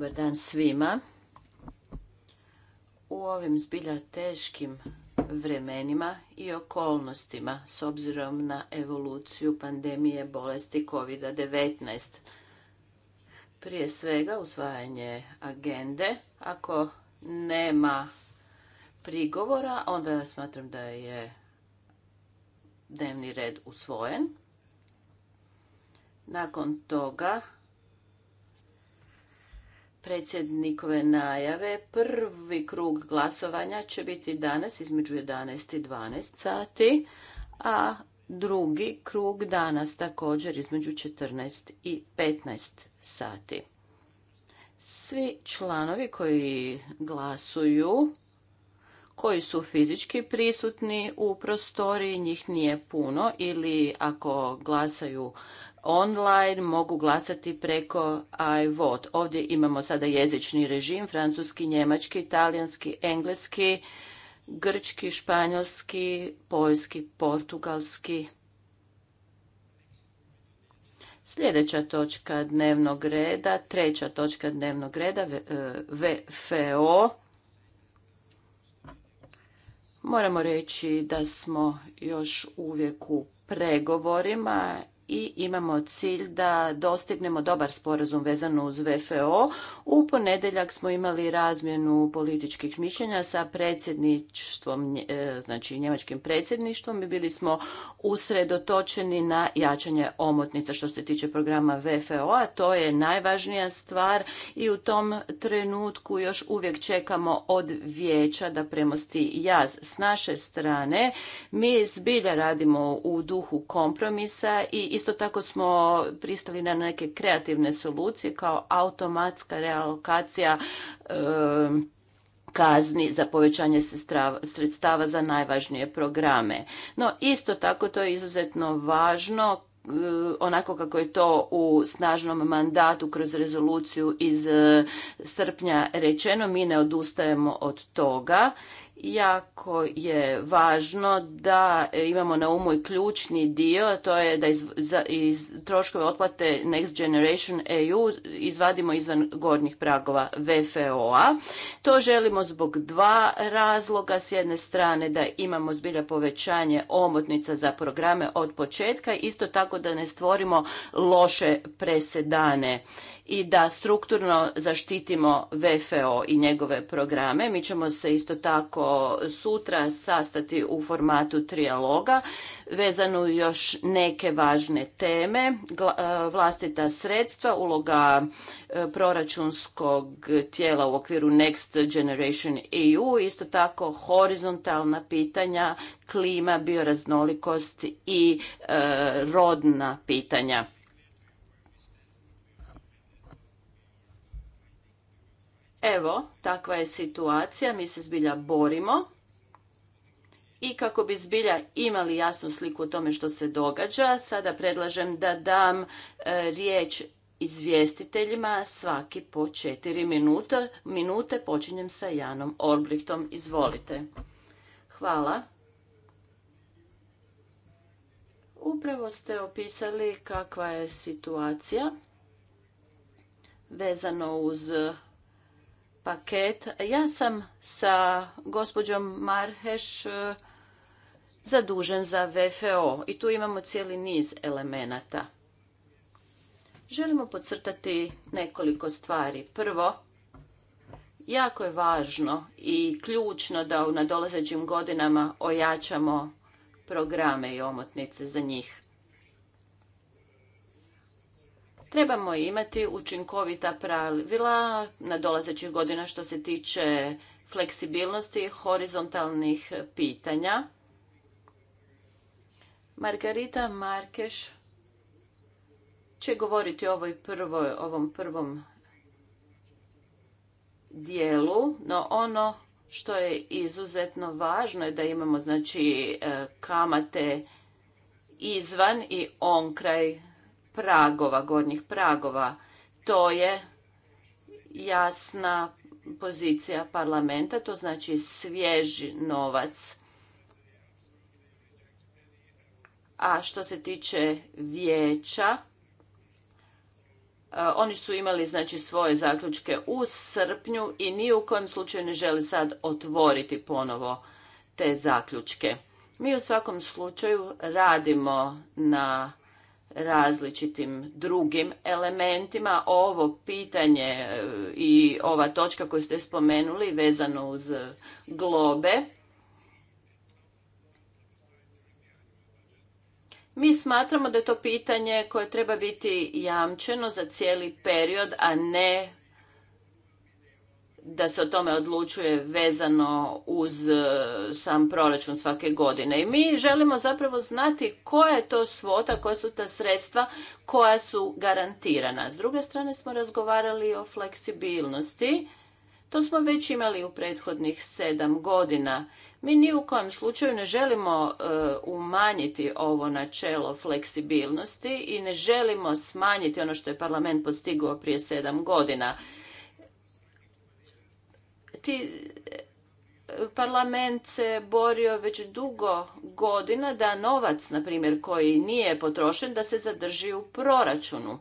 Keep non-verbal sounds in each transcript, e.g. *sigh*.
Dobar dan svima. U ovim zbilja teškim vremenima i okolnostima s obzirom na evoluciju pandemije bolesti COVID-19. Prije svega usvajanje agende. Ako nema prigovora, onda smatram da je dnevni red usvojen. Nakon toga predsjednikove najave. Prvi krug glasovanja će biti danas između 11 i 12 sati, a drugi krug danas također između 14 i 15 sati. Svi članovi koji glasuju koji su fizički prisutni u prostoriji, njih nije puno ili ako glasaju online mogu glasati preko iVote. Ovdje imamo sada jezični režim, francuski, njemački, talijanski, engleski, grčki, španjolski, poljski, portugalski. Sljedeća točka dnevnog reda, treća točka dnevnog reda, VFO, e, Moramo reći da smo još uvijek u pregovorima i imamo cilj da dostignemo dobar sporazum vezano uz VFO. U ponedjeljak smo imali razmjenu političkih mišljenja sa predsjedništvom, e, znači njemačkim predsjedništvom i bili smo usredotočeni na jačanje omotnica što se tiče programa VFO-a. To je najvažnija stvar i u tom trenutku još uvijek čekamo od vijeća da premosti jaz. S naše strane mi zbilja radimo u duhu kompromisa i Isto tako smo pristali na neke kreativne solucije kao automatska realokacija kazni za povećanje sredstava za najvažnije programe. No isto tako to je izuzetno važno eh, onako kako je to u snažnom mandatu kroz rezoluciju iz eh, srpnja rečeno, mi ne odustajemo od toga Jako je važno da imamo na umu i ključni dio, to je da iz, iz troškove otplate Next Generation EU izvadimo izvan gornjih pragova VFO-a. To želimo zbog dva razloga. S jedne strane da imamo zbilja povećanje omotnica za programe od početka, isto tako da ne stvorimo loše presedane i da strukturno zaštitimo VFO i njegove programe. Mi ćemo se isto tako sutra sastati u formatu trijaloga vezano još neke važne teme, e, vlastita sredstva, uloga e, proračunskog tijela u okviru Next Generation EU, isto tako horizontalna pitanja, klima, bioraznolikost i e, rodna pitanja. Evo, takva je situacija, mi se zbilja borimo i kako bi zbilja imali jasnu sliku o tome što se događa, sada predlažem da dam e, riječ izvjestiteljima svaki po četiri minute. minute. Počinjem sa Janom Olbrichtom. Izvolite. Hvala. Upravo ste opisali kakva je situacija vezano uz paket. Ja sam sa gospođom Marheš e, zadužen za VFO i tu imamo cijeli niz elemenata. Želimo podcrtati nekoliko stvari. Prvo, jako je važno i ključno da u nadolazećim godinama ojačamo programe i omotnice za njih. Trebamo imati učinkovita pravila na dolazećih godina što se tiče fleksibilnosti horizontalnih pitanja. Margarita Markeš će govoriti o ovoj prvoj, ovom prvom dijelu, no ono što je izuzetno važno je da imamo znači e, kamate izvan i on kraj pragova, gornjih pragova. To je jasna pozicija parlamenta, to znači svježi novac. A što se tiče vijeća, e, oni su imali znači svoje zaključke u srpnju i ni u kojem slučaju ne žele sad otvoriti ponovo te zaključke. Mi u svakom slučaju radimo na različitim drugim elementima. Ovo pitanje e, i ova točka koju ste spomenuli vezano uz e, globe. Mi smatramo da je to pitanje koje treba biti jamčeno za cijeli period, a ne da se o tome odlučuje vezano uz e, sam proračun svake godine. I mi želimo zapravo znati koja je to svota, koja su ta sredstva koja su garantirana. S druge strane smo razgovarali o fleksibilnosti. To smo već imali u prethodnih sedam godina. Mi ni u kojem slučaju ne želimo e, umanjiti ovo načelo fleksibilnosti i ne želimo smanjiti ono što je parlament postigao prije sedam godina. Ti eh, parlament se borio već dugo godina da novac, na primjer, koji nije potrošen, da se zadrži u proračunu.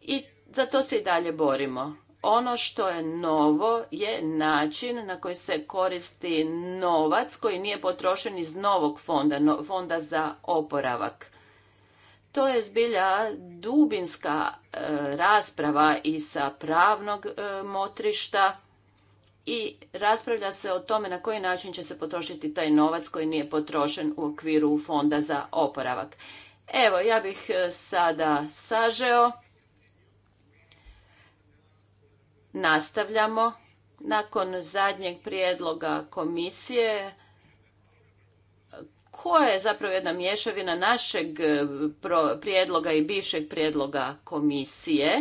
I za to se i dalje borimo. Ono što je novo je način na koji se koristi novac koji nije potrošen iz novog fonda, fonda za oporavak. To je zbilja dubinska e, rasprava i sa pravnog e, motrišta i raspravlja se o tome na koji način će se potrošiti taj novac koji nije potrošen u okviru fonda za oporavak. Evo, ja bih e, sada sažeo. Nastavljamo. Nakon zadnjeg prijedloga komisije koja je zapravo jedna mješavina našeg eh, prijedloga i bivšeg prijedloga komisije.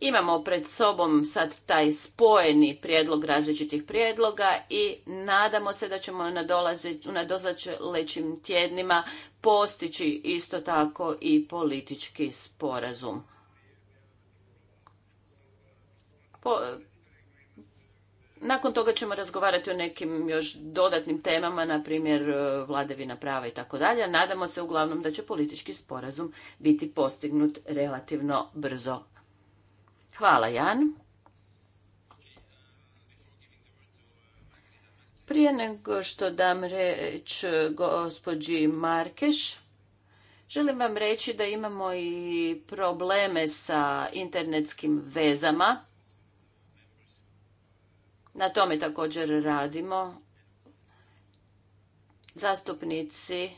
Imamo pred sobom sad taj spojeni prijedlog različitih prijedloga i nadamo se da ćemo u nadolazećim tjednima postići isto tako i politički sporazum. Po, nakon toga ćemo razgovarati o nekim još dodatnim temama, na primjer e, vladavina prava i tako dalje. Nadamo se uglavnom da će politički sporazum biti postignut relativno brzo. Hvala Jan. Prije nego što dam reč gospođi Markeš, želim vam reći da imamo i probleme sa internetskim vezama na tome također radimo. Zastupnici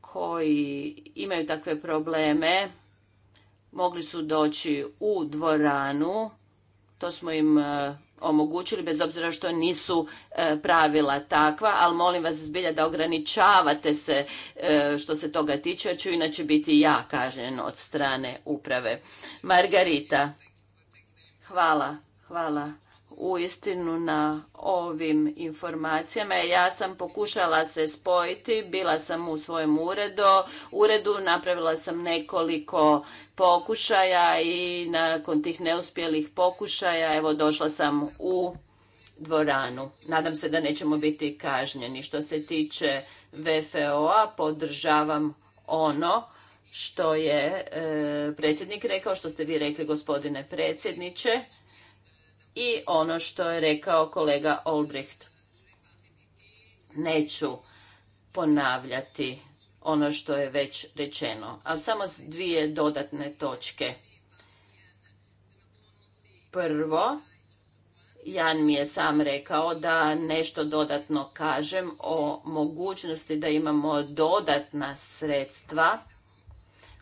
koji imaju takve probleme mogli su doći u dvoranu. To smo im e, omogućili, bez obzira što nisu e, pravila takva, ali molim vas zbilja da ograničavate se e, što se toga tiče, jer ću inače biti ja kažen od strane uprave. Margarita, hvala. Hvala uistinu na ovim informacijama. Ja sam pokušala se spojiti, bila sam u svojem uredu, uredu napravila sam nekoliko pokušaja i nakon tih neuspjelih pokušaja evo došla sam u dvoranu. Nadam se da nećemo biti kažnjeni. Što se tiče VFO-a, podržavam ono što je e, predsjednik rekao, što ste vi rekli gospodine predsjedniče i ono što je rekao kolega Olbricht. Neću ponavljati ono što je već rečeno, ali samo dvije dodatne točke. Prvo, Jan mi je sam rekao da nešto dodatno kažem o mogućnosti da imamo dodatna sredstva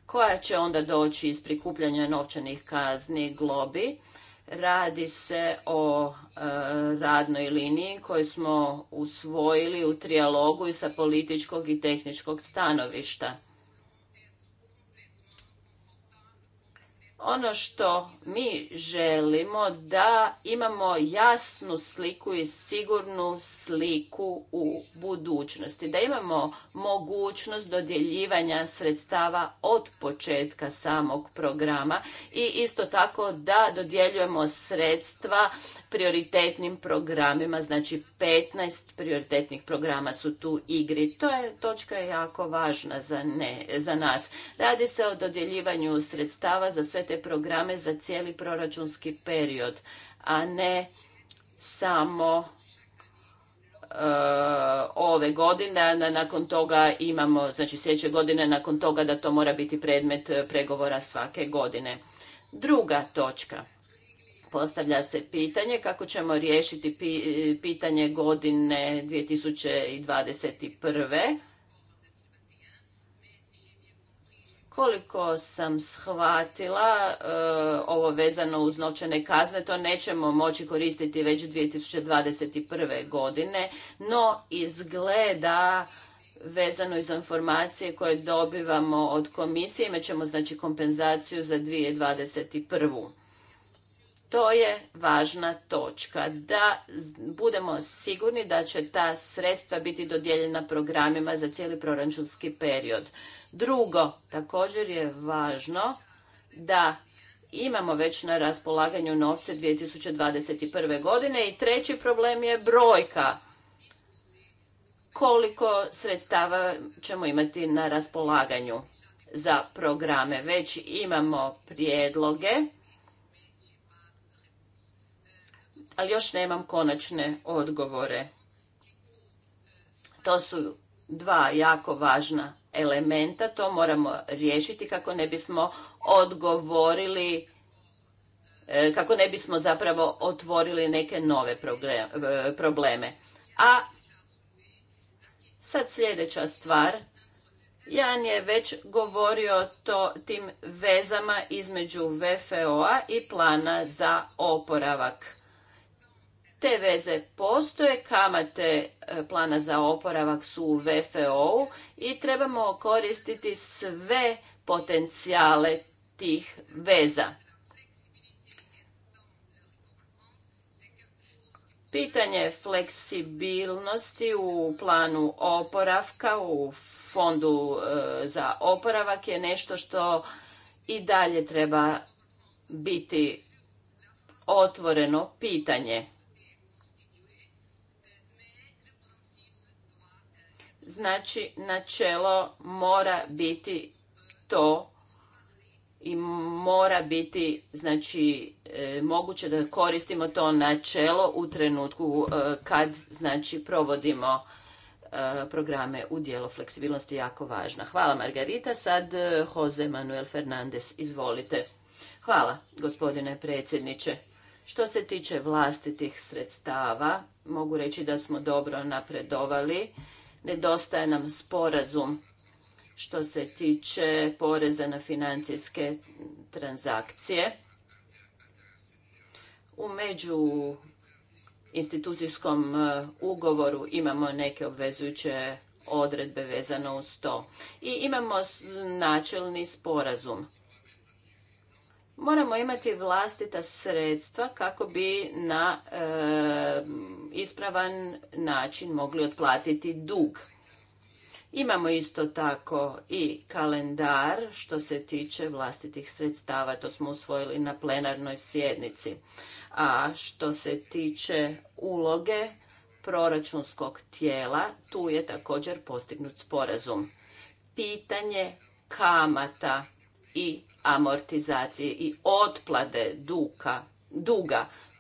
koja će onda doći iz prikupljanja novčanih kazni globi Radi se o e, radnoj liniji koju smo usvojili u trijalogu i sa političkog i tehničkog stanovišta. ono što mi želimo da imamo jasnu sliku i sigurnu sliku u budućnosti da imamo mogućnost dodjeljivanja sredstava od početka samog programa i isto tako da dodjeljujemo sredstva prioritetnim programima znači 15 prioritetnih programa su tu igri to je točka je jako važna za za nas radi se o dodjeljivanju sredstava za sve programe za cijeli proračunski period, a ne samo e, ove godine, nakon toga imamo, znači sljedeće godine, nakon toga da to mora biti predmet e, pregovora svake godine. Druga točka. Postavlja se pitanje kako ćemo riješiti e, pitanje godine 2021. Koliko sam shvatila, e, ovo vezano uz novčane kazne, to nećemo moći koristiti već 2021. godine, no izgleda vezano iz informacije koje dobivamo od komisije, imat ćemo znači kompenzaciju za 2021. To je važna točka, da budemo sigurni da će ta sredstva biti dodijeljena programima za cijeli proračunski period. Drugo, također je važno da imamo već na raspolaganju novce 2021. godine i treći problem je brojka koliko sredstava ćemo imati na raspolaganju za programe. Već imamo prijedloge, ali još nemam konačne odgovore. To su dva jako važna elementa, to moramo riješiti kako ne bismo odgovorili e, kako ne bismo zapravo otvorili neke nove e, probleme. A sad sljedeća stvar. Jan je već govorio o tim vezama između VFO-a i plana za oporavak. Te veze postoje, kamate e, plana za oporavak su u VFO-u i trebamo koristiti sve potencijale tih veza. Pitanje fleksibilnosti u planu oporavka, u fondu e, za oporavak je nešto što i dalje treba biti otvoreno pitanje. Znači, načelo mora biti to i mora biti znači e, moguće da koristimo to načelo u trenutku e, kad znači provodimo e, programe u dijelu fleksibilnosti jako važna. Hvala Margarita, sad Jose Manuel Fernandez, izvolite. Hvala gospodine predsjedniče. Što se tiče vlastitih sredstava, mogu reći da smo dobro napredovali Nedostaje nam sporazum što se tiče poreza na financijske transakcije. U među institucijskom e, ugovoru imamo neke obvezujuće odredbe vezano uz to. I imamo načelni sporazum. Moramo imati vlastita sredstva kako bi na e, ispravan način mogli otplatiti dug. Imamo isto tako i kalendar što se tiče vlastitih sredstava, to smo usvojili na plenarnoj sjednici. A što se tiče uloge proračunskog tijela, tu je također postignut sporazum. Pitanje kamata i amortizacije i otplade duka, duga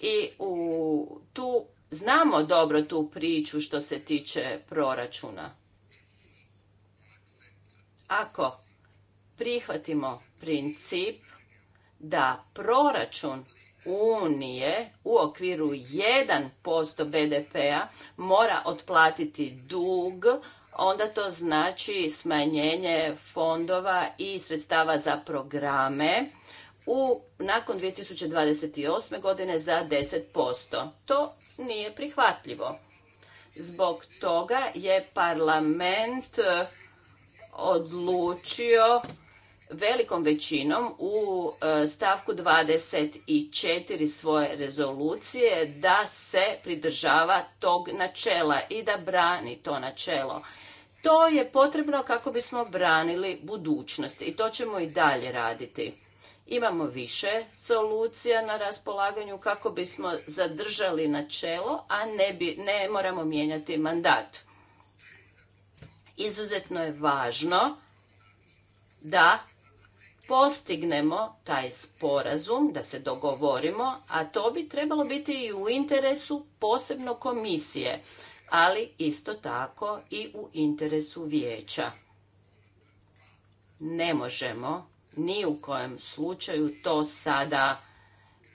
i u, tu znamo dobro tu priču što se tiče proračuna. Ako prihvatimo princip da proračun Unije u okviru 1% BDP-a mora otplatiti dug, onda to znači smanjenje fondova i sredstava za programe u, nakon 2028. godine za 10%. To nije prihvatljivo. Zbog toga je parlament eh, odlučio velikom većinom u eh, stavku 24 svoje rezolucije da se pridržava tog načela i da brani to načelo. To je potrebno kako bismo branili budućnost i to ćemo i dalje raditi. Imamo više solucija na raspolaganju kako bismo zadržali načelo, a ne, bi, ne moramo mijenjati mandat. Izuzetno je važno da postignemo taj sporazum, da se dogovorimo, a to bi trebalo biti i u interesu posebno komisije, ali isto tako i u interesu vijeća. Ne možemo ni u kojem slučaju to sada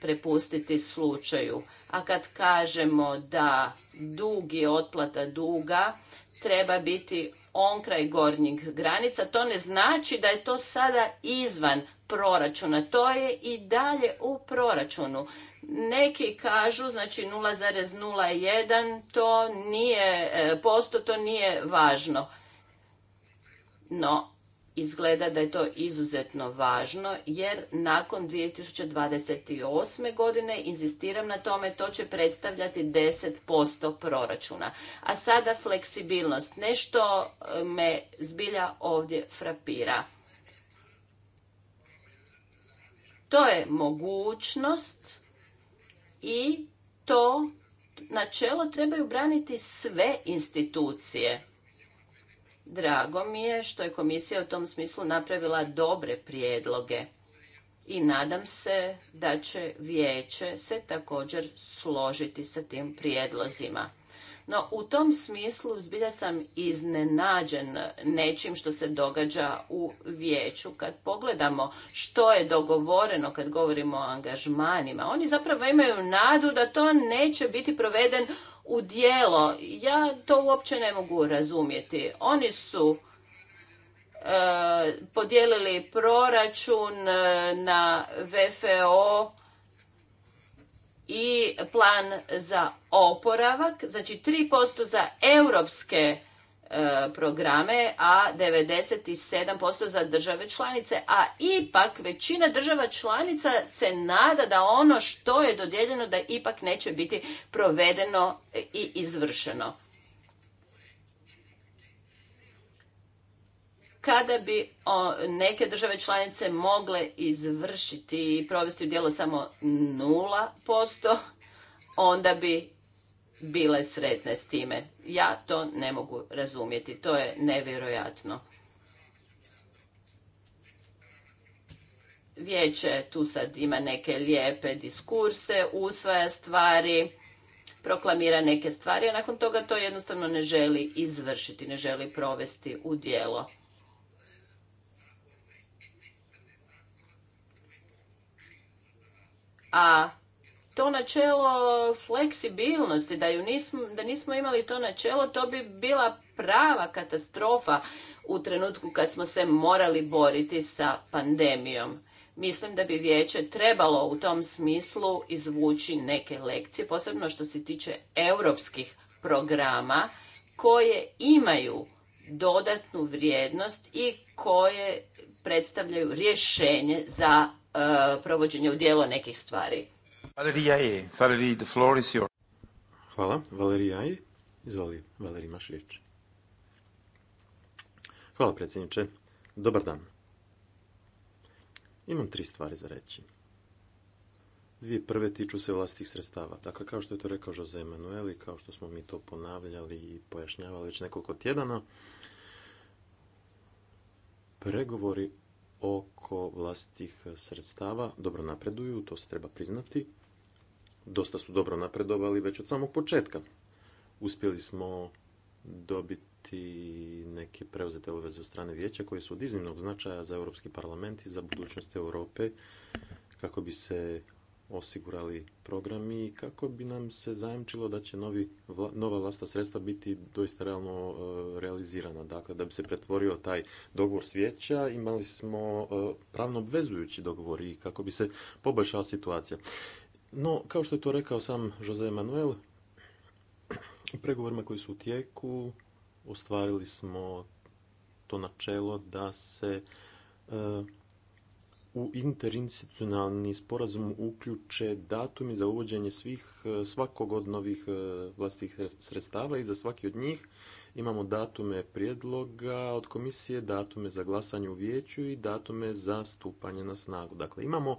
prepustiti slučaju. A kad kažemo da dug je otplata duga, treba biti on kraj gornjih granica, to ne znači da je to sada izvan proračuna. To je i dalje u proračunu. Neki kažu, znači 0,01, to nije e, posto, to nije važno. No, izgleda da je to izuzetno važno jer nakon 2028. godine inzistiram na tome to će predstavljati 10% proračuna. A sada fleksibilnost nešto e, me zbilja ovdje frapira. To je mogućnost i to načelo trebaju braniti sve institucije Drago mi je što je komisija u tom smislu napravila dobre prijedloge i nadam se da će vijeće se također složiti sa tim prijedlozima. No, u tom smislu zbilja sam iznenađen nečim što se događa u vijeću. Kad pogledamo što je dogovoreno kad govorimo o angažmanima, oni zapravo imaju nadu da to neće biti proveden u dijelo. Ja to uopće ne mogu razumjeti. Oni su e, podijelili proračun e, na VFO i plan za oporavak, znači 3% za europske E, programe, a 97% za države članice, a ipak većina država članica se nada da ono što je dodijeljeno da ipak neće biti provedeno i izvršeno. Kada bi neke države članice mogle izvršiti i provesti u djelo samo 0%, onda bi bile sretne s time. Ja to ne mogu razumjeti, to je nevjerojatno. Vijeće tu sad ima neke lijepe diskurse, usvaja stvari, proklamira neke stvari, a nakon toga to jednostavno ne želi izvršiti, ne želi provesti u djelo. A to načelo fleksibilnosti, da, ju nismo, da nismo imali to načelo, to bi bila prava katastrofa u trenutku kad smo se morali boriti sa pandemijom. Mislim da bi vijeće trebalo u tom smislu izvući neke lekcije, posebno što se tiče europskih programa koje imaju dodatnu vrijednost i koje predstavljaju rješenje za e, provođenje u djelo nekih stvari. Hvala. Valerija Izvoli, Valerij, imaš predsjedniče. Dobar dan. Imam tri stvari za reći. Dvije prve tiču se vlastitih sredstava. Dakle, kao što je to rekao Jose Emanuel i kao što smo mi to ponavljali i pojašnjavali već nekoliko tjedana, pregovori oko vlastitih e, sredstava dobro napreduju, to se treba priznati. Dosta su dobro napredovali već od samog početka. Uspjeli smo dobiti neke preuzete obveze od strane vijeća koje su od iznimnog značaja za Europski parlament i za budućnost Europe kako bi se osigurali programi kako bi nam se zajamčilo da će novi, nova vlasta sredstva biti doista realno e, realizirana. Dakle, da bi se pretvorio taj dogovor s imali smo e, pravno obvezujući dogovor i kako bi se poboljšala situacija. No, kao što je to rekao sam Jose Manuel, u pregovorima koji su u tijeku ostvarili smo to načelo da se e, u interinstitucionalni sporazum uključe datumi za uvođenje svih, svakog od novih e, vlastitih sredstava i za svaki od njih imamo datume prijedloga od komisije, datume za glasanje u vijeću i datume za stupanje na snagu. Dakle, imamo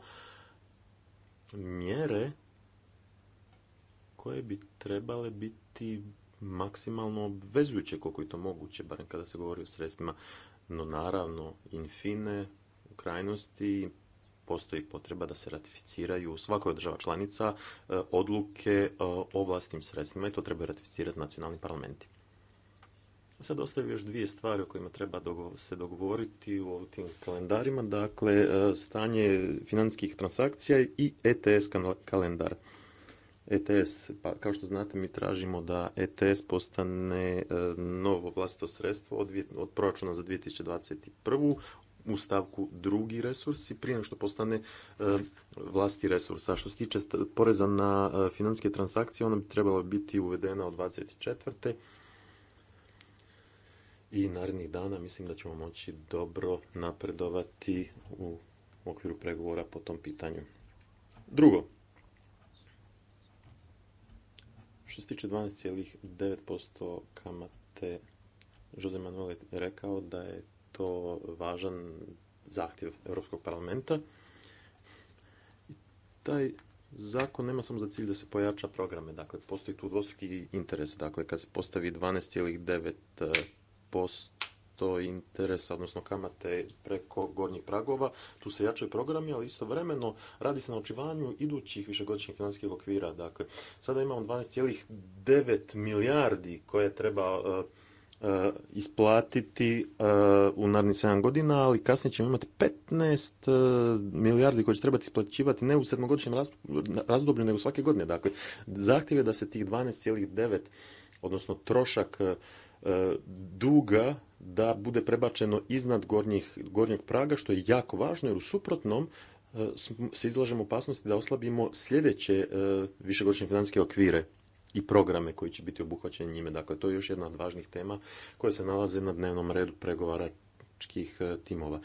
mjere koje bi trebale biti maksimalno obvezujuće koliko je to moguće, barem kada se govori o sredstvima. No naravno, infine, krajnosti postoji potreba da se ratificiraju u svakoj od država članica e, odluke e, o vlastnim sredstvima i to treba ratificirati nacionalni parlamenti. Sad ostaju još dvije stvari o kojima treba se dogovoriti u ovim tim kalendarima, dakle e, stanje financijskih transakcija i ETS kalendar. ETS, pa kao što znate mi tražimo da ETS postane novo vlastito sredstvo od, od proračuna za 2021 u stavku drugi resurs i prije što postane e, vlasti resurs. A što se tiče poreza na e, financijske transakcije, ona bi trebala biti uvedena od 24. I narednih dana mislim da ćemo moći dobro napredovati u okviru pregovora po tom pitanju. Drugo, što se tiče 12,9% kamate, Jose Manuel je rekao da je to važan zahtjev Europskog parlamenta. taj zakon nema samo za cilj da se pojača programe, dakle postoji tu dvostruki interes, dakle kad se postavi 12,9% interesa, odnosno kamate preko gornjih pragova, tu se jačaju programi, ali istovremeno radi se na očivanju idućih višegodišnjih financijskih okvira. Dakle, sada imamo 12,9 milijardi koje treba eh, Eh, isplatiti eh, u narednih 7 godina, ali kasnije ćemo imati 15 eh, milijardi koje će trebati isplaćivati ne u sedmogodišnjem razdoblju, nego svake godine. Dakle, zahtjev je da se tih 12,9, odnosno trošak duga, da bude prebačeno iznad gornjih, gornjeg praga, što je jako važno, jer u suprotnom se izlažemo opasnosti da oslabimo sljedeće višegodišnje financijske okvire i programe koji će biti obuhvaćeni njime. Dakle, to je još jedna od važnih tema koje se nalaze na dnevnom redu pregovaračkih e, timova.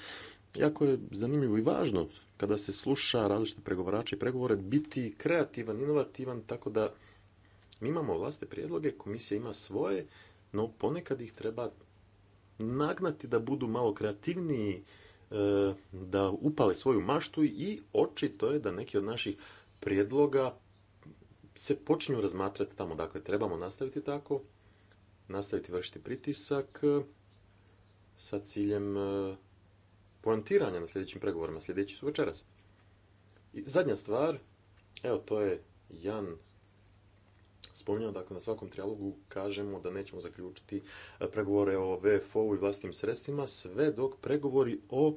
Jako je zanimljivo i važno kada se sluša različite pregovarače i pregovore biti kreativan, inovativan, tako da mi imamo vlastite prijedloge, komisija ima svoje, no ponekad ih treba nagnati da budu malo kreativniji, e, da upale svoju maštu i očito je da neki od naših prijedloga se počinju razmatrati tamo. Dakle, trebamo nastaviti tako, nastaviti vršiti pritisak e, sa ciljem e, pojantiranja na sljedećim pregovorima. Sljedeći su večeras. I zadnja stvar, evo to je Jan spominjao, dakle na svakom trijalogu kažemo da nećemo zaključiti e, pregovore o VFO-u i vlastnim sredstvima sve dok pregovori o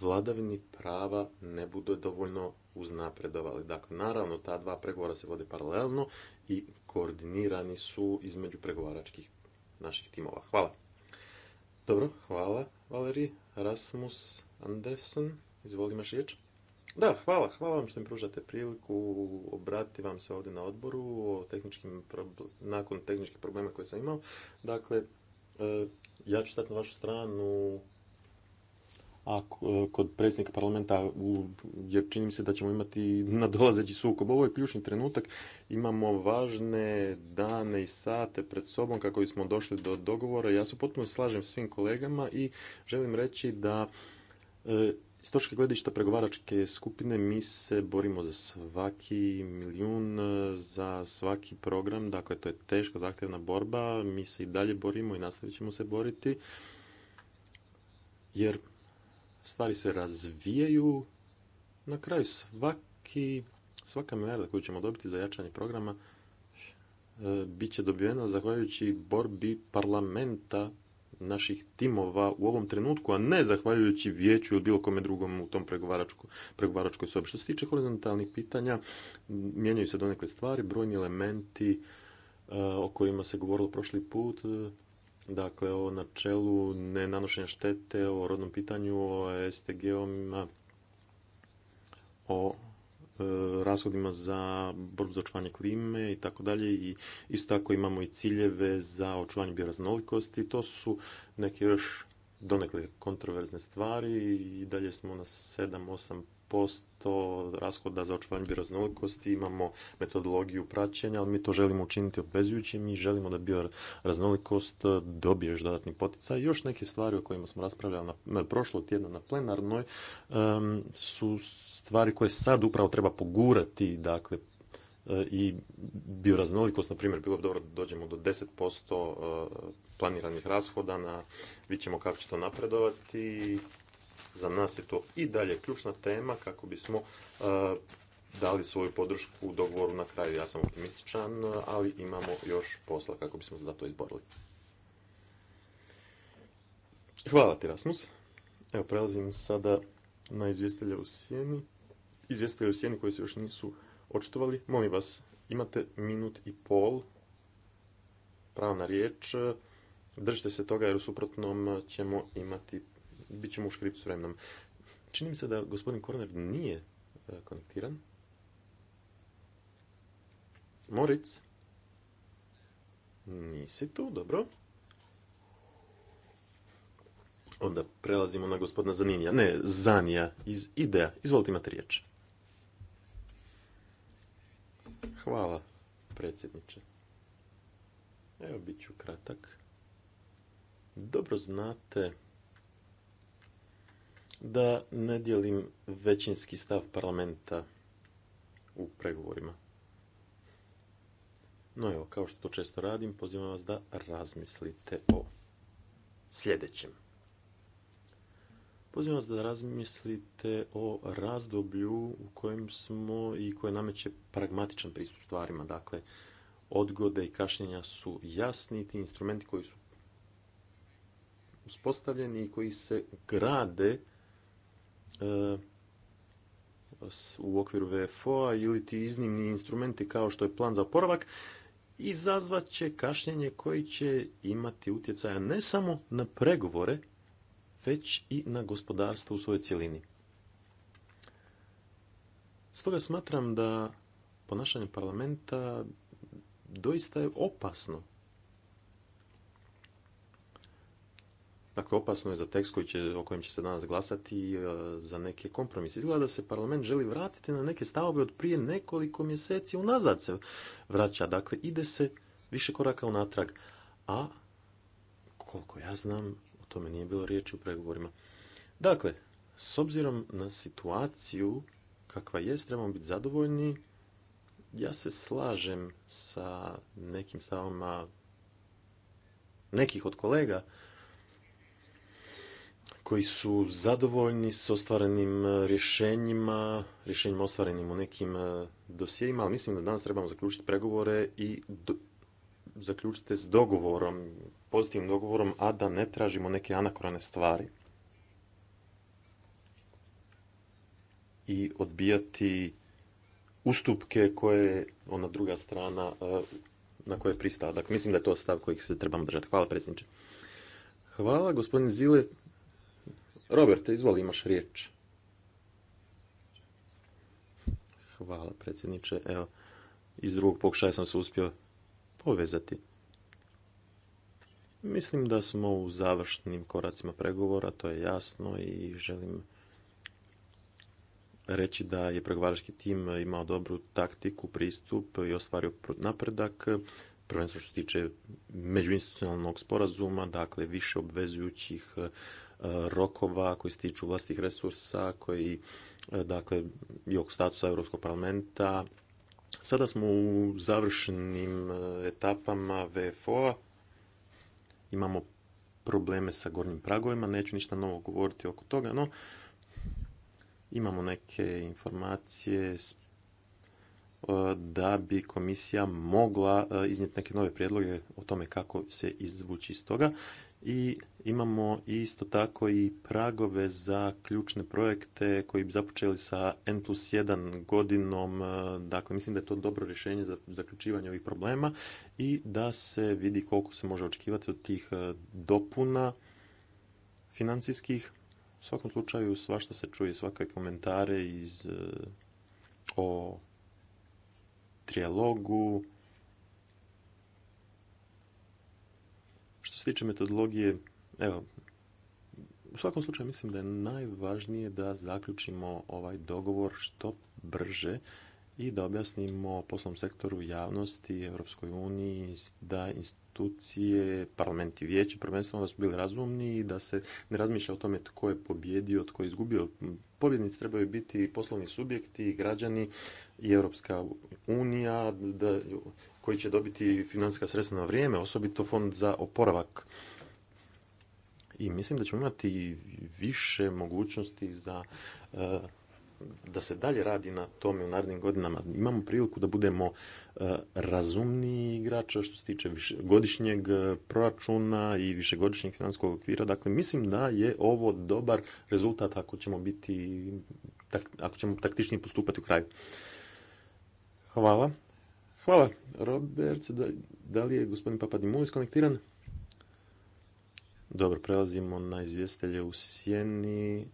vladavini prava ne bude dovoljno uznapredovali. Dakle, naravno, ta dva pregovora se vode paralelno i koordinirani su između pregovaračkih naših timova. Hvala. Dobro, hvala Valeri. Rasmus Andersen, izvoli imaš riječ. Da, hvala, hvala vam što mi pružate priliku obrati vam se ovdje na odboru o tehničkim nakon tehničkih problema koje sam imao. Dakle, e, ja ću stati na vašu stranu a e, kod predsjednika parlamenta, jer čini mi se da ćemo imati nadolazeći sukob. Ovo je ključni trenutak, imamo važne dane i sate pred sobom kako bismo došli do dogovora. Ja se potpuno slažem s svim kolegama i želim reći da iz e, točke gledišta pregovaračke skupine mi se borimo za svaki milijun, e, za svaki program, dakle to je teška, zahtjevna borba, mi se i dalje borimo i nastavit ćemo se boriti, jer stvari se razvijaju, na kraju svaki, svaka milijarda koju ćemo dobiti za jačanje programa e, bit će dobijena zahvaljujući borbi parlamenta naših timova u ovom trenutku, a ne zahvaljujući vijeću ili bilo kome drugom u tom pregovaračko, pregovaračkoj sobi. Što se tiče horizontalnih pitanja, mijenjaju se donekle stvari, brojni elementi e, o kojima se govorilo prošli put Dakle, o načelu nenanošenja štete, o rodnom pitanju, o STG-ovima, o e, rashodima za borbu za očuvanje klime i tako dalje i isto tako imamo i ciljeve za očuvanje bioraznolikosti. To su neke još donekle kontroverzne stvari i dalje smo na 7-8 posto rashoda za očuvanje bioraznolikosti, imamo metodologiju praćenja, ali mi to želimo učiniti obvezujućim i želimo da bioraznolikost dobije još dodatni poticaj. Još neke stvari o kojima smo raspravljali na, prošlo tjedno na plenarnoj su stvari koje sad upravo treba pogurati, dakle e, i bioraznolikost, na primjer, bilo bi dobro da dođemo do 10% e, planiranih rashoda, na, vidjet ćemo kako će to napredovati za nas je to i dalje ključna tema kako bismo e, dali svoju podršku u dogovoru na kraju. Ja sam optimističan, ali imamo još posla kako bismo za to izborili. Hvala ti, Rasmus. Evo, prelazim sada na izvjestelje u sjeni. Izvjestelje u sjeni koji se još nisu očitovali. Molim vas, imate minut i pol pravna riječ. Držite se toga jer u suprotnom ćemo imati bit ćemo u škriptu s vremenom. Čini mi se da gospodin Korner nije e, konektiran. Moric? Nisi tu, dobro. Onda prelazimo na gospodina Zaninija. Ne, Zanija iz IDEA. Izvolite imati riječ. Hvala, predsjedniče. Evo, bit ću kratak. Dobro znate da ne dijelim većinski stav parlamenta u pregovorima. No evo, kao što to često radim, pozivam vas da razmislite o sljedećem. Pozivam vas da razmislite o razdoblju u kojem smo i koje nameće pragmatičan pristup stvarima. Dakle, odgode i kašnjenja su jasni, ti instrumenti koji su uspostavljeni i koji se grade E, u okviru VFO-a ili ti iznimni instrumenti kao što je plan za oporavak izazvat će kašnjenje koji će imati utjecaja ne samo na pregovore, već i na gospodarstvo u svojoj cjelini. Stoga smatram da ponašanje parlamenta doista je opasno Dakle, opasno je za tekst koji će, o kojem će se danas glasati e, za neke kompromise. Izgleda da se parlament želi vratiti na neke stavove od prije nekoliko mjeseci unazad se vraća. Dakle, ide se više koraka unatrag. A, koliko ja znam, o tome nije bilo riječi u pregovorima. Dakle, s obzirom na situaciju kakva je, trebamo biti zadovoljni. Ja se slažem sa nekim stavama nekih od kolega koji su zadovoljni s ostvarenim e, rješenjima, rješenjima ostvarenim u nekim e, dosijima, ali mislim da danas trebamo zaključiti pregovore i zaključiti zaključite s dogovorom, pozitivnim dogovorom, a da ne tražimo neke anakrone stvari. I odbijati ustupke koje ona druga strana e, na koje je pristala. Dakle, mislim da je to stav kojih se trebamo držati. Hvala predsjedniče. Hvala, gospodin Zile, Roberta, izvoli, imaš riječ. Hvala, predsjedniče. Evo, iz drugog pokušaja sam se uspio povezati. Mislim da smo u završnim koracima pregovora, to je jasno i želim reći da je pregovarački tim imao dobru taktiku, pristup i ostvario napredak, prvenstvo što se tiče međuinstitucionalnog sporazuma, dakle više obvezujućih E, rokova koji se tiču vlastih resursa, koji e, dakle i oko statusa Europskog parlamenta. Sada smo u završnim e, etapama VFO-a. Imamo probleme sa gornjim pragovima, neću ništa novo govoriti oko toga, no imamo neke informacije da bi komisija mogla iznijeti neke nove prijedloge o tome kako se izvući iz toga i imamo isto tako i pragove za ključne projekte koji bi započeli sa N plus 1 godinom. E, dakle, mislim da je to dobro rješenje za zaključivanje ovih problema i da se vidi koliko se može očekivati od tih e, dopuna financijskih. U svakom slučaju svašta se čuje, svake komentare iz, e, o trijalogu, se tiče metodologije, evo, u svakom slučaju mislim da je najvažnije da zaključimo ovaj dogovor što brže i da objasnimo poslovnom sektoru javnosti Europskoj uniji da institucije, parlament i vijeće prvenstveno da su bili razumni i da se ne razmišlja o tome tko je pobjedio, tko je izgubio. Pobjednici trebaju biti poslovni subjekti, i građani i Europska unija da, koji će dobiti financijska sredstva na vrijeme, osobito fond za oporavak. I mislim da ćemo imati više mogućnosti za eh, da se dalje radi na tome u narednim godinama. Imamo priliku da budemo e, razumni igrača što se tiče godišnjeg e, proračuna i višegodišnjeg financijskog okvira. Dakle, mislim da je ovo dobar rezultat ako ćemo biti, ako ćemo taktičnije postupati u kraju. Hvala. Hvala, Robert. Da, li je gospodin Papadimulis konektiran? Dobro, prelazimo na izvjestelje u sjeni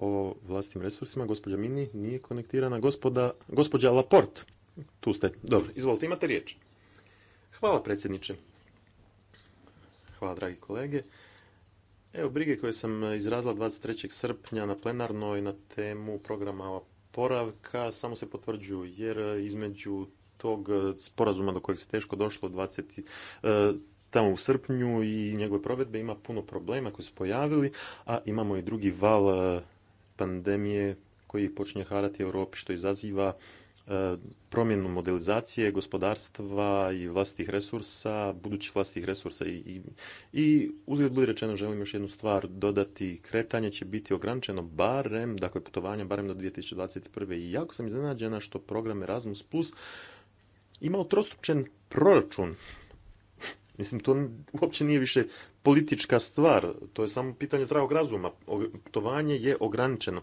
o vlastitim resursima. Gospođa Mini nije konektirana. Gospoda, gospođa Laport, tu ste. Dobro, izvolite, imate riječ. Hvala predsjedniče. Hvala dragi kolege. Evo, brige koje sam izrazila 23. srpnja na plenarnoj na temu programa poravka samo se potvrđuju, jer između tog sporazuma do kojeg se teško došlo 20, e, tamo u srpnju i njegove provedbe ima puno problema koji su pojavili, a imamo i drugi val e, pandemije koji počinje harati Europi što izaziva e, promjenu modelizacije gospodarstva i vlastitih resursa, budućih vlastitih resursa. I, i, uzgled budi rečeno, želim još jednu stvar dodati. Kretanje će biti ograničeno barem, dakle putovanja barem do 2021. I jako sam iznenađena što program Erasmus Plus ima trostručen proračun Mislim, to uopće nije više politička stvar, to je samo pitanje travog razuma. Putovanje je ograničeno.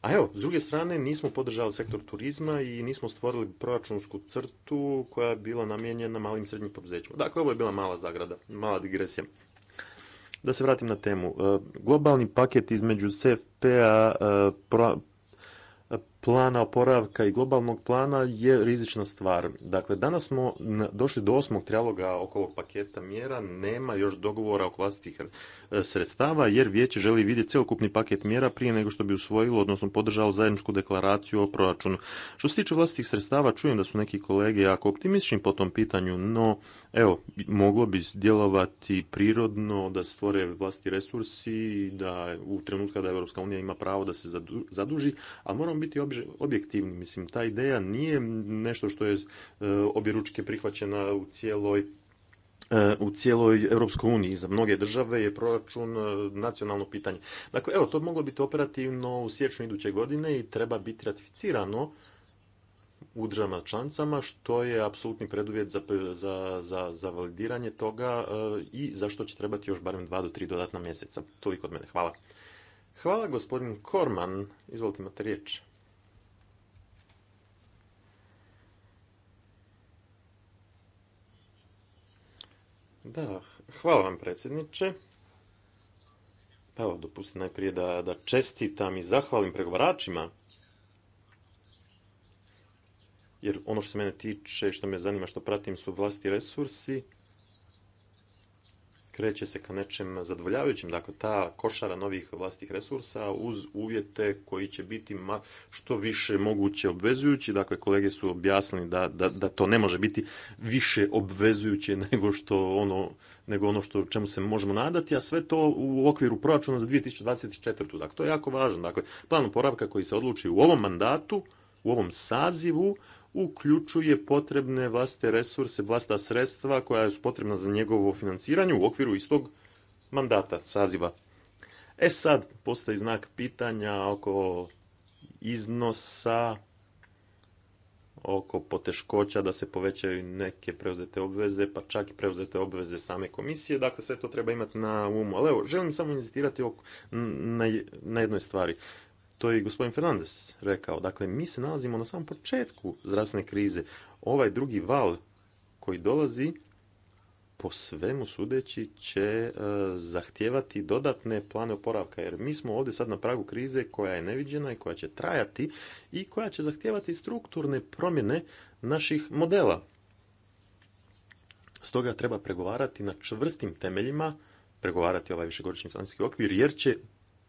A evo, s druge strane, nismo podržali sektor turizma i nismo stvorili proračunsku crtu koja je bila namijenjena malim i srednjim poduzećima. Dakle, ovo je bila mala zagrada, mala digresija. Da se vratim na temu. E, globalni paket između CFP-a, plana oporavka i globalnog plana je rizična stvar. Dakle, danas smo došli do osmog trijaloga oko ovog paketa mjera, nema još dogovora oko vlastitih e, sredstava jer vijeće želi vidjeti cjelokupni paket mjera prije nego što bi usvojilo, odnosno podržalo zajedničku deklaraciju o proračunu. Što se tiče vlastitih sredstava, čujem da su neki kolege jako optimistični po tom pitanju, no evo, moglo bi djelovati prirodno da stvore vlastiti resursi, da u trenutku kada Europska unija ima pravo da se zaduži, ali moramo biti objektivni. Mislim, ta ideja nije nešto što je e, objeručke prihvaćena u cijeloj e, u cijeloj Europskoj uniji. Za mnoge države je proračun e, nacionalno pitanje. Dakle, evo, to moglo biti operativno u siječnju iduće godine i treba biti ratificirano u državama člancama, što je apsolutni preduvjet za, za, za, validiranje toga i za što će trebati još barem dva do tri dodatna mjeseca. Toliko od mene. Hvala. Hvala, gospodin Korman. Izvolite, imate riječ. Da, hvala vam predsjedniče. Pa evo, dopustite najprije da, da čestitam i zahvalim pregovaračima. Jer ono što se mene tiče, što me zanima, što pratim su vlasti resursi kreće se ka nečem zadovoljavajućem Dakle, ta košara novih vlastitih resursa uz uvjete koji će biti što više moguće obvezujući. Dakle, kolege su objasnili da, da, da to ne može biti više obvezujuće *laughs* nego što ono nego ono što čemu se možemo nadati, a sve to u okviru proračuna za 2024. Dakle, to je jako važno. Dakle, plan oporavka koji se odluči u ovom mandatu, u ovom sazivu, uključuje potrebne vlastite resurse, vlastita sredstva koja su potrebna za njegovo financiranje u okviru istog mandata, saziva. E sad, postoji znak pitanja oko iznosa, oko poteškoća da se povećaju neke preuzete obveze, pa čak i preuzete obveze same komisije. Dakle, sve to treba imati na umu. Ali evo, želim samo inzistirati na jednoj stvari to je i gospodin Fernandez rekao. Dakle, mi se nalazimo na samom početku zdravstvene krize. Ovaj drugi val koji dolazi, po svemu sudeći, će e, zahtijevati dodatne plane oporavka. Jer mi smo ovdje sad na pragu krize koja je neviđena i koja će trajati i koja će zahtijevati strukturne promjene naših modela. Stoga treba pregovarati na čvrstim temeljima, pregovarati ovaj višegodišnji financijski okvir, jer će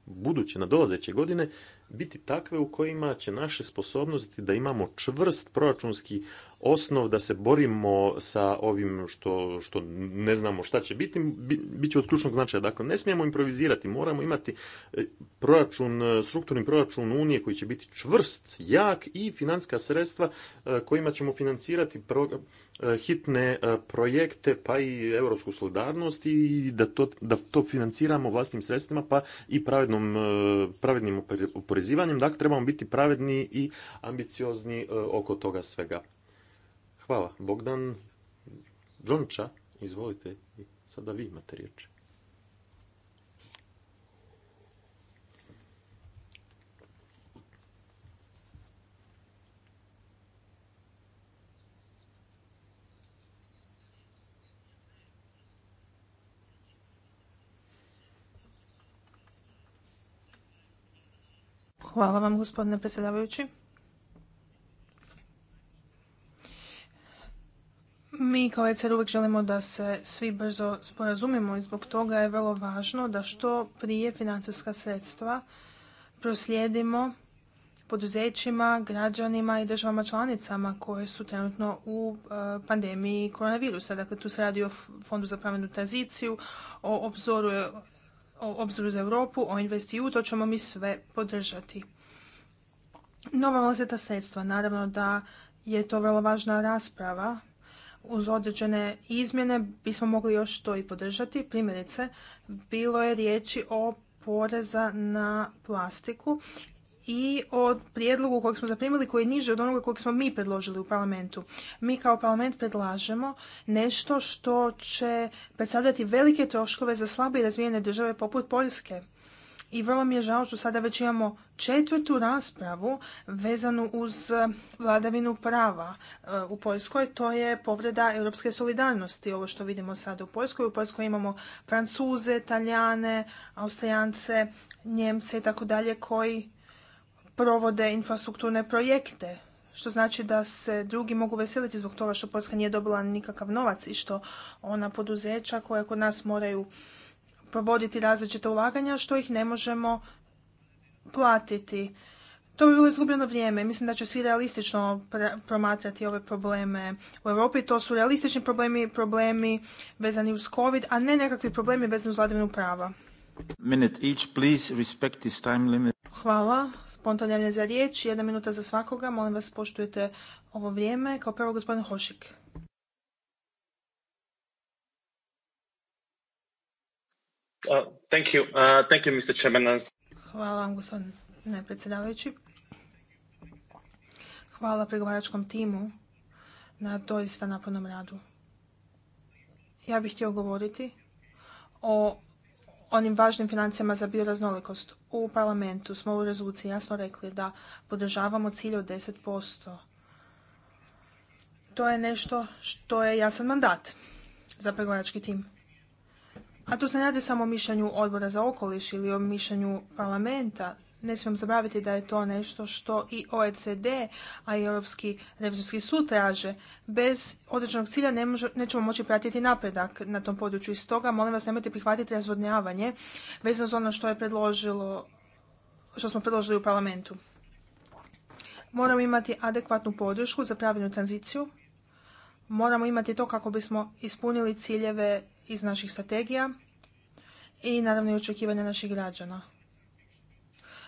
buduće, nadolazeće godine biti takve u kojima će naše sposobnosti da imamo čvrst proračunski osnov da se borimo sa ovim što, što ne znamo šta će biti, bit će od ključnog značaja. Dakle, ne smijemo improvizirati, moramo imati e, proračun, e, strukturni proračun Unije koji će biti čvrst, jak i financijska sredstva e, kojima ćemo financirati hitne projekte, pa i europsku solidarnost i da to, da to financiramo vlastnim sredstvima, pa i pravednom, pravednim oporezivanjem. Dakle, trebamo biti pravedni i ambiciozni oko toga svega. Hvala. Bogdan Džonča, izvolite, sada vi imate riječ. Hvala vam, gospodine predsjedavajući. Mi kao ECR uvijek želimo da se svi brzo sporazumimo i zbog toga je vrlo važno da što prije financijska sredstva proslijedimo poduzećima, građanima i državama članicama koje su trenutno u e, pandemiji koronavirusa. Dakle, tu se radi o Fondu za pravednu tranziciju, o obzoru, o obzoru za Europu, o investiju, to ćemo mi sve podržati. Nova vlastita sredstva, naravno da je to vrlo važna rasprava uz određene izmjene bismo mogli još to i podržati. Primjerice, bilo je riječi o poreza na plastiku i o prijedlogu kojeg smo zaprimili koji je niže od onoga kojeg smo mi predložili u parlamentu. Mi kao parlament predlažemo nešto što će predstavljati velike troškove za slabe i razvijene države poput Poljske. I vrlo mi je žao što sada već imamo četvrtu raspravu vezanu uz e, vladavinu prava e, u Poljskoj. To je povreda europske solidarnosti, ovo što vidimo sada u Poljskoj. U Poljskoj imamo Francuze, Italijane, Austrijance, Njemce i tako dalje koji provode infrastrukturne projekte što znači da se drugi mogu veseliti zbog toga što Poljska nije dobila nikakav novac i što ona poduzeća koja kod nas moraju provoditi različite ulaganja što ih ne možemo platiti. To bi bilo izgubljeno vrijeme. Mislim da će svi realistično promatrati ove probleme u Europi. To su realistični problemi, problemi vezani uz COVID, a ne nekakvi problemi vezani uz vladavinu prava. Hvala. Spontan za riječ. Jedna minuta za svakoga. Molim vas poštujete ovo vrijeme. Kao prvo gospodin Hošik. thank uh, Hvala vam, gospodine predsjedavajući. Hvala pregovaračkom timu na doista napornom radu. Ja bih htio govoriti o onim važnim financijama za bioraznolikost. U parlamentu smo u rezoluciji jasno rekli da podržavamo cilj od posto To je nešto što je jasan mandat za pregovarački tim. A tu se ne radi samo o mišljenju odbora za okoliš ili o mišljenju parlamenta. Ne smijem zabaviti da je to nešto što i OECD, a i Europski revizorski sud traže. Bez određenog cilja ne nećemo moći pratiti napredak na tom području. I stoga, molim vas, nemojte prihvatiti razvodnjavanje vezano za ono što je predložilo što smo predložili u parlamentu. Moramo imati adekvatnu podršku za pravilnu tranziciju moramo imati to kako bismo ispunili ciljeve iz naših strategija i naravno i očekivanja naših građana.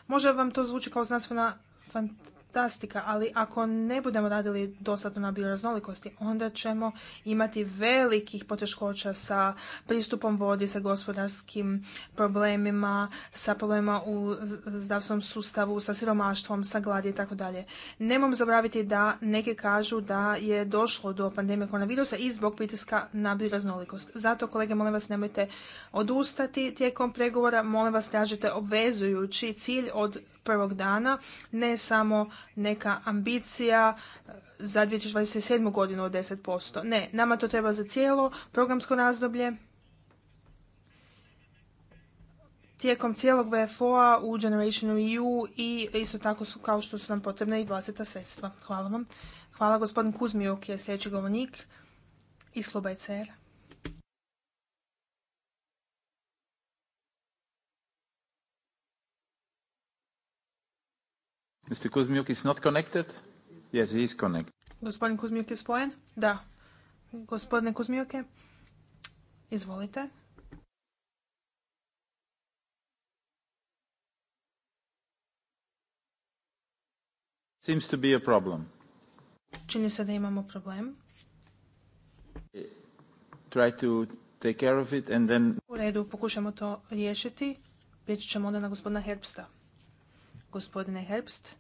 Može vam to zvuči kao znanstvena fant fantastika, ali ako ne budemo radili dostatno na bioraznolikosti, onda ćemo imati velikih poteškoća sa pristupom vodi, sa gospodarskim problemima, sa problemima u zdravstvenom sustavu, sa siromaštvom, sa gladi i tako dalje. Nemamo zaboraviti da neke kažu da je došlo do pandemije koronavirusa i zbog pritiska na bioraznolikost. Zato, kolege, molim vas, nemojte odustati tijekom pregovora, molim vas, tražite obvezujući cilj od prvog dana ne samo neka ambicija e, za 2027. godinu od 10%. Ne, nama to treba za cijelo programsko razdoblje. Tijekom cijelog VFO-a u Generation EU i isto tako su kao što su nam potrebna i vlastita sredstva. Hvala vam. Hvala gospodin Kuzmijuk je sljedeći govornik iz kluba ECR. Mr. Kuzmiuk is not connected? Yes, he is connected. Gospodin Kuzmiuk je spojen? Da. Gospodine Kuzmijuke, izvolite. Seems to be a problem. Čini se da imamo problem. Try to take care of it and then... U redu, pokušamo to riješiti. Prijeći ćemo onda na gospodina Herbsta. Gospodine Herbst,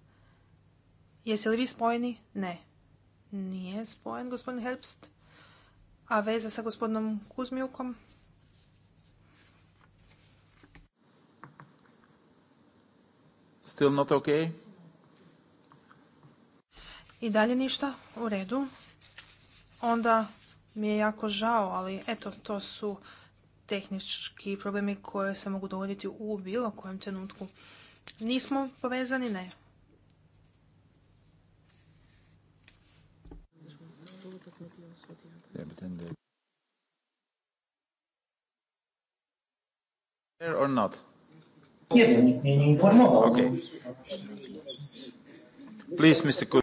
Jeste li vi spojeni? Ne. Nije spojen gospodin Herbst. A veza sa gospodinom Kuzmijukom? Still not okay? I dalje ništa? U redu. Onda mi je jako žao, ali eto, to su tehnički problemi koje se mogu dogoditi u bilo kojem trenutku. Nismo povezani? Ne. or not? Nie nie informował. Okay. Please, Mr. Kuzmiuk.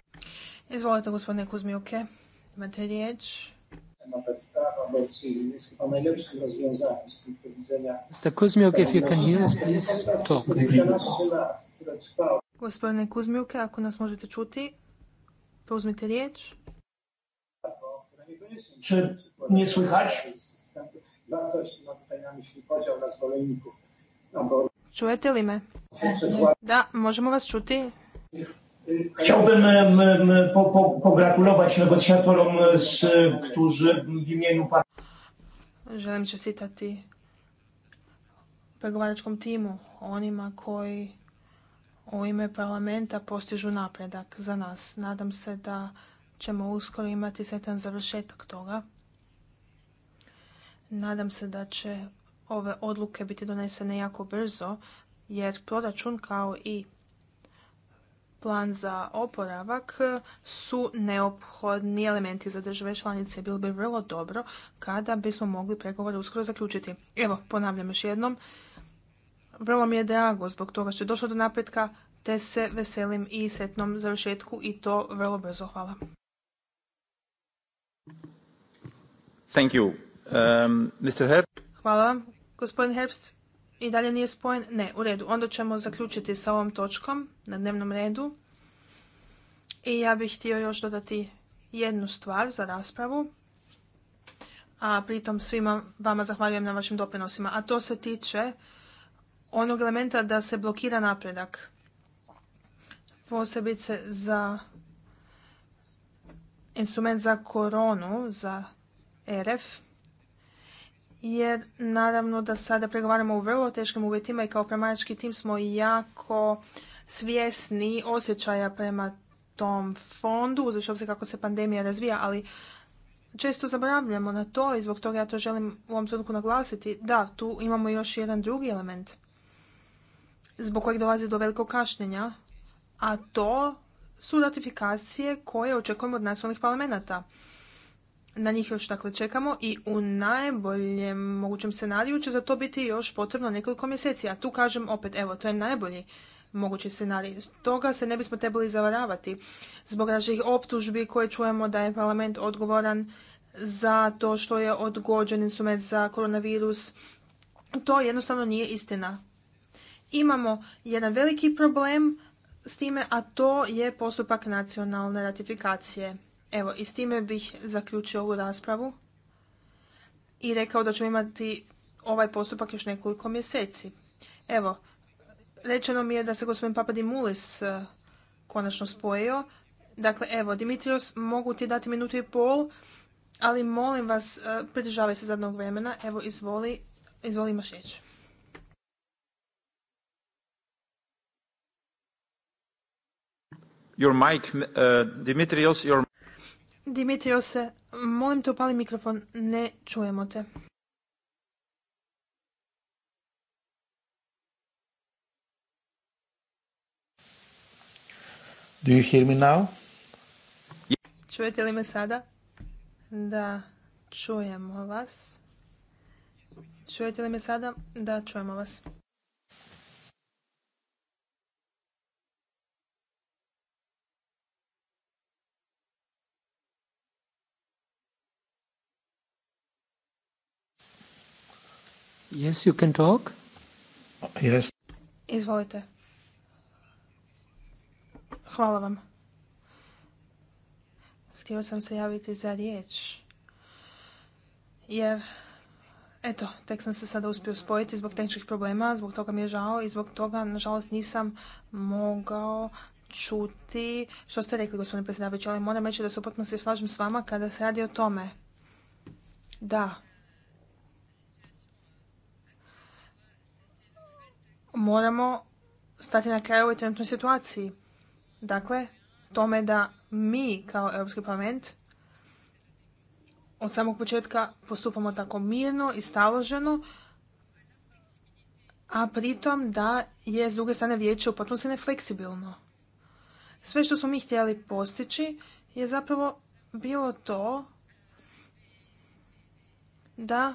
Izvolite, gospodine Kuzmijuke. Imate riječ. Mr. Kuzmiuk, if you can hear us, please talk. Gospodine Kuzmiuk, ako nas možete čuti, preuzmite riječ. Czy mnie słychać? wartość na tajnami podział na zwolenników. Čujete li me? Da, možemo vas čuti. Chciałbym po, po, pogratulować negocjatorom, z, e, e, którzy w imieniu pana... Želim čestitati pregovaračkom timu, onima koji u ime parlamenta postižu napredak za nas. Nadam se da ćemo uskoro imati sretan završetak toga. Nadam se da će ove odluke biti donesene jako brzo, jer proračun kao i plan za oporavak su neophodni elementi za države članice. Bilo bi vrlo dobro kada bismo mogli pregovore uskoro zaključiti. Evo, ponavljam još jednom, vrlo mi je drago zbog toga što je došlo do napretka, te se veselim i sretnom završetku i to vrlo brzo. Hvala. Hvala vam, um, Hvala. Gospodin Herbst i dalje nije spojen? Ne, u redu. Onda ćemo zaključiti sa ovom točkom na dnevnom redu. I ja bih htio još dodati jednu stvar za raspravu. A pritom svima vama zahvaljujem na vašim doprinosima. A to se tiče onog elementa da se blokira napredak. Posebice za instrument za koronu, za e RF jer naravno da sada pregovaramo u vrlo teškim uvjetima i kao premajački tim smo jako svjesni osjećaja prema tom fondu, uzeći obzir kako se pandemija razvija, ali često zaboravljamo na to i zbog toga ja to želim u ovom trenutku naglasiti. Da, tu imamo još jedan drugi element zbog kojeg dolazi do velikog kašnjenja, a to su ratifikacije koje očekujemo od nacionalnih parlamenta na njih još dakle čekamo i u najboljem mogućem scenariju će za to biti još potrebno nekoliko mjeseci. A tu kažem opet, evo, to je najbolji mogući scenarij. Toga se ne bismo trebali zavaravati zbog naših optužbi koje čujemo da je parlament odgovoran za to što je odgođen instrument za koronavirus. To jednostavno nije istina. Imamo jedan veliki problem s time, a to je postupak nacionalne ratifikacije. Evo, i s time bih zaključio ovu raspravu i rekao da ćemo imati ovaj postupak još nekoliko mjeseci. Evo, rečeno mi je da se gospodin Papadimulis e, konačno spojio. Dakle, evo, Dimitrios, mogu ti dati minutu i pol, ali molim vas, e, pridržavaj se zadnog vremena. Evo, izvoli, izvoli imaš riječ. Your mic, e, Dimitrios, your... Dimitrio se, molim te upali mikrofon, ne čujemo te. Do you hear me now? Čujete li me sada? Da, čujemo vas. Čujete li me sada? Da, čujemo vas. Yes, you can talk. Yes. Izvolite. Hvala vam. Htio sam se javiti za riječ. Jer, eto, tek sam se sada uspio spojiti zbog tehničkih problema, zbog toga mi je žao i zbog toga, nažalost, nisam mogao čuti što ste rekli, gospodine predsjedavajući, ali moram reći da se potpuno se slažem s vama kada se radi o tome da moramo stati na kraju ovoj trenutnoj situaciji. Dakle, tome da mi kao Europski parlament od samog početka postupamo tako mirno i staloženo, a pritom da je s druge strane vijeće u potpunosti nefleksibilno. Sve što smo mi htjeli postići je zapravo bilo to da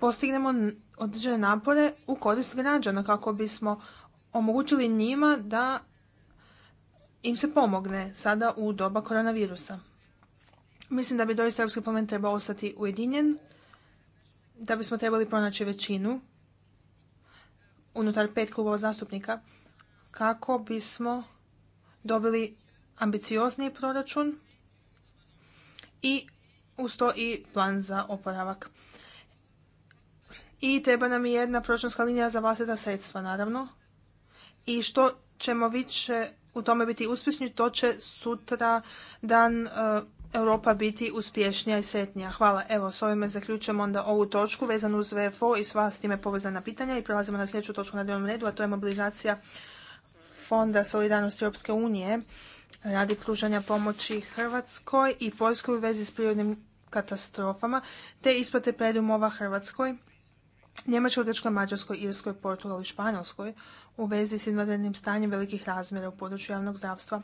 postignemo određene napore u korist građana kako bismo omogućili njima da im se pomogne sada u doba koronavirusa. Mislim da bi doista Europski parlament trebao ostati ujedinjen, da bismo trebali pronaći većinu unutar pet klubova zastupnika kako bismo dobili ambiciozniji proračun i uz to i plan za oporavak i treba nam jedna proračunska linija za vlastita sredstva, naravno. I što ćemo više u tome biti uspješni, to će sutra dan e, Europa biti uspješnija i sretnija. Hvala. Evo, s ovime zaključujemo onda ovu točku vezanu uz VFO i sva s time povezana pitanja i prelazimo na sljedeću točku na dnevnom redu, a to je mobilizacija Fonda Solidarnosti Europske unije radi pružanja pomoći Hrvatskoj i Poljskoj u vezi s prirodnim katastrofama te isplate predumova Hrvatskoj Njemačkoj, Grčkoj, Mađarskoj, Irskoj, Portugalu i Španjolskoj u vezi s invadrednim stanjem velikih razmjera u području javnog zdravstva.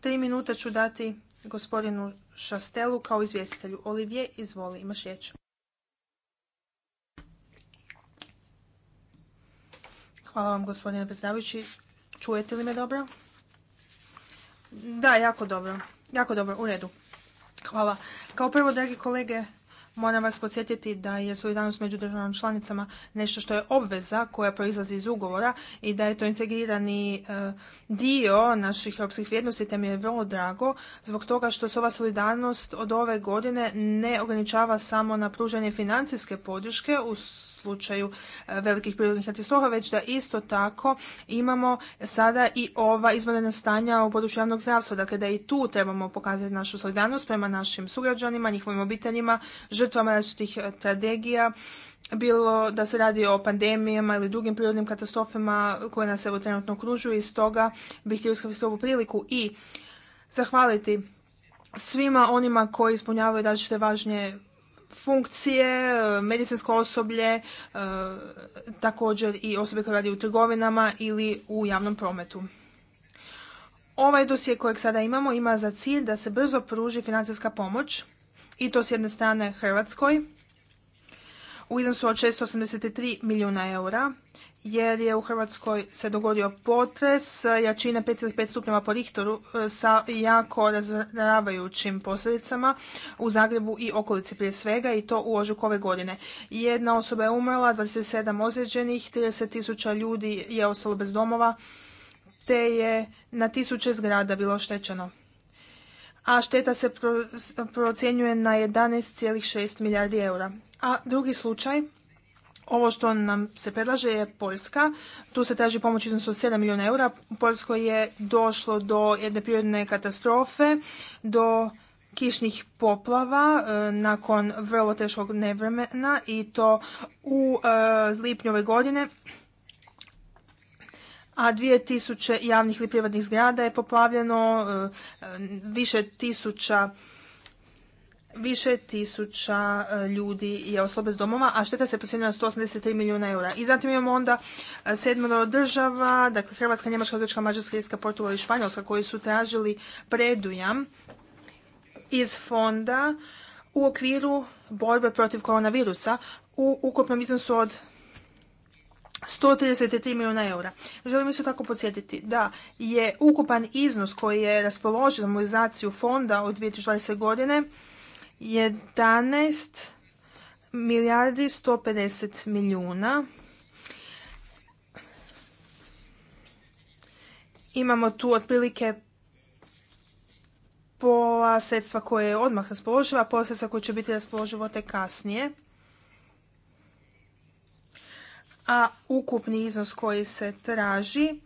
Tri minuta ću dati gospodinu Šastelu kao izvjestitelju. Olivije, izvoli, imaš riječ. Hvala vam gospodine predsjedavajući. Čujete li me dobro? Da, jako dobro. Jako dobro, u redu. Hvala. Kao prvo, dragi kolege, Moram vas podsjetiti da je solidarnost među državnim članicama nešto što je obveza koja proizlazi iz ugovora i da je to integrirani e, dio naših europskih vrijednosti, te mi je vrlo drago zbog toga što se ova solidarnost od ove godine ne ograničava samo na pružanje financijske podrške u slučaju e, velikih prirodnih katastrofa, već da isto tako imamo sada i ova izvanredna stanja u području javnog zdravstva. Dakle, da i tu trebamo pokazati našu solidarnost prema našim sugrađanima, njihovim obiteljima, žrtvama različitih e, tragedija, bilo da se radi o pandemijama ili drugim prirodnim katastrofama koje nas evo trenutno okružuju i stoga bih htio iskoristiti ovu priliku i zahvaliti svima onima koji ispunjavaju različite važne funkcije, e, medicinsko osoblje, e, također i osobe koje radi u trgovinama ili u javnom prometu. Ovaj dosje kojeg sada imamo ima za cilj da se brzo pruži financijska pomoć i to s jedne strane Hrvatskoj, u iznosu od 683 milijuna eura, jer je u Hrvatskoj se dogodio potres jačine 5,5 stupnjeva po Richteru e, sa jako razravajućim posljedicama u Zagrebu i okolici prije svega i to u ožujku ove godine. Jedna osoba je umrla, 27 ozlijeđenih, 30 tisuća ljudi je ostalo bez domova, te je na tisuće zgrada bilo oštećeno a šteta se procjenjuje na 11,6 milijardi eura. A drugi slučaj, ovo što nam se predlaže je Poljska. Tu se traži pomoć iznosu od 7 milijuna eura. U Poljskoj je došlo do jedne prirodne katastrofe, do kišnih poplava e, nakon vrlo teškog nevremena i to u e, lipnju ove godine a 2000 javnih ili privatnih zgrada je poplavljeno, e, e, više tisuća više tisuća e, ljudi je oslo bez domova, a šteta se procjenjuje na 183 milijuna eura. I zatim imamo onda sedmero država, dakle Hrvatska, Njemačka, Grčka, Mađarska, Irska, Portugal i Španjolska koji su tražili predujam iz fonda u okviru borbe protiv koronavirusa u ukupnom iznosu od 133 milijuna eura. Želim isto tako podsjetiti da je ukupan iznos koji je raspoložen za mobilizaciju fonda od 2020. godine 11 milijardi 150 milijuna. Imamo tu otprilike pola sredstva koje je odmah raspoloživa, a pola sredstva koje će biti raspoloživo te kasnije a ukupni iznos koji se traži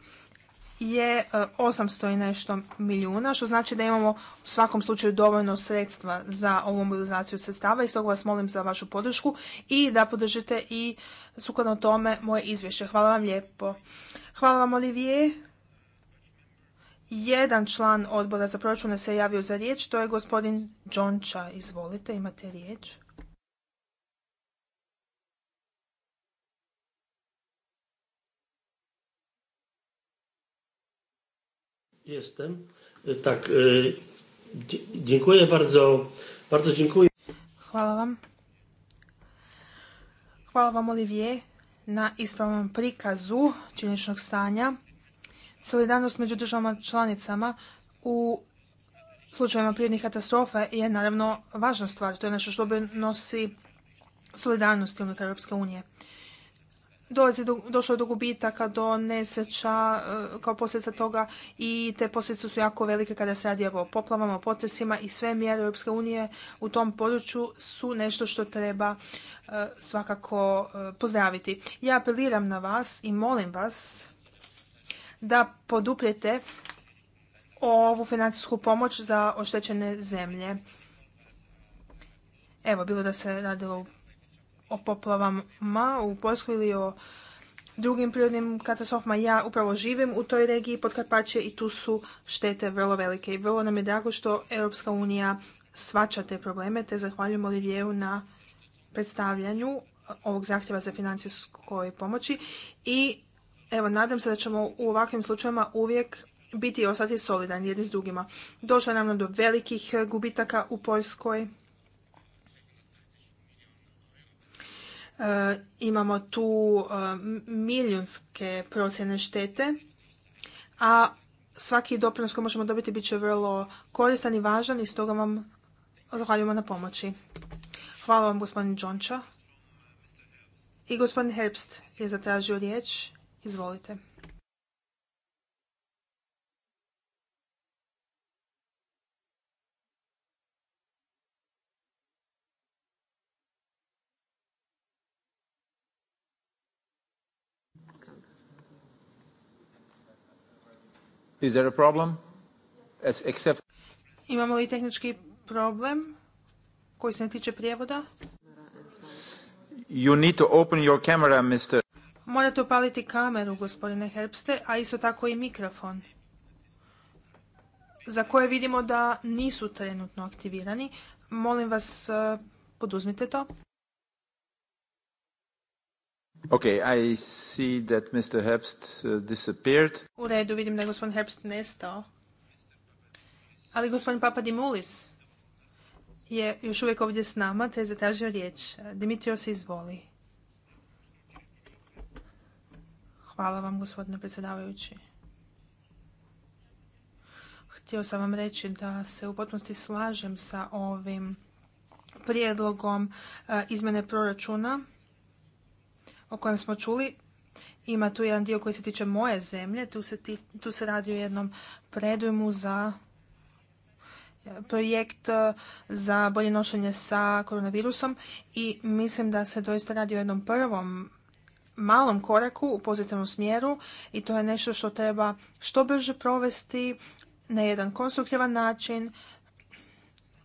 je 800 e, i nešto milijuna, što znači da imamo u svakom slučaju dovoljno sredstva za ovu mobilizaciju sredstava i stoga vas molim za vašu podršku i da podržite i sukladno tome moje izvješće. Hvala vam lijepo. Hvala vam Olivije. Jedan član odbora za proračune se javio za riječ, to je gospodin Đonča. Izvolite, imate riječ. Jestem. E, tak, e, dziękuję bardzo. Bardzo dziękuję. Hvala vam. Chwała Wam, Olivier, na ispravnom prikazu činičnog stanja. Solidarnost među državama članicama u slučajevima prirodnih katastrofa je naravno važna stvar. To je nešto što nosi solidarnosti unutar Europske unije dolazi do, došlo je do gubitaka, do nesreća e, kao posljedica toga i te posljedice su jako velike kada se radi o poplavama, potresima i sve mjere Europske unije u tom području su nešto što treba e, svakako e, pozdraviti. Ja apeliram na vas i molim vas da poduprijete ovu financijsku pomoć za oštećene zemlje. Evo, bilo da se radilo o poplavama u Poljskoj ili o drugim prirodnim katastrofama. Ja upravo živim u toj regiji pod i tu su štete vrlo velike. I vrlo nam je drago što Europska unija svača te probleme, te zahvaljujem Olivieru na predstavljanju ovog zahtjeva za financijskoj pomoći i evo, nadam se da ćemo u ovakvim slučajima uvijek biti i ostati solidarni jedni s drugima. Došlo je do velikih gubitaka u Poljskoj E, imamo tu e, milijunske procjene štete, a svaki doprinos koji možemo dobiti bit će vrlo koristan i važan i stoga vam zahvaljujemo na pomoći. Hvala vam gospodin Đonča. I gospodin Herbst je zatražio riječ. Izvolite. Is there a problem? Imamo li tehnički problem koji se ne tiče prijevoda? You need to open your camera, Morate upaliti kameru, gospodine Herbste, a isto tako i mikrofon za koje vidimo da nisu trenutno aktivirani. Molim vas, eh, poduzmite to. Okay, I see that Mr. Herbst uh, disappeared. U redu, vidim da je gospodin Herbst nestao. Ali gospodin Papadimulis je još uvijek ovdje s nama, te je zatražio riječ. Dimitrios, se izvoli. Hvala vam, gospodine predsjedavajući. Htio sam vam reći da se u potpunosti slažem sa ovim prijedlogom e, izmjene proračuna o kojem smo čuli. Ima tu jedan dio koji se tiče moje zemlje. Tu se, tu se radi o jednom predujmu za e, projekt e, za bolje nošenje sa koronavirusom i mislim da se doista radi o jednom prvom malom koraku u pozitivnom smjeru i to je nešto što treba što brže provesti na jedan konstruktivan način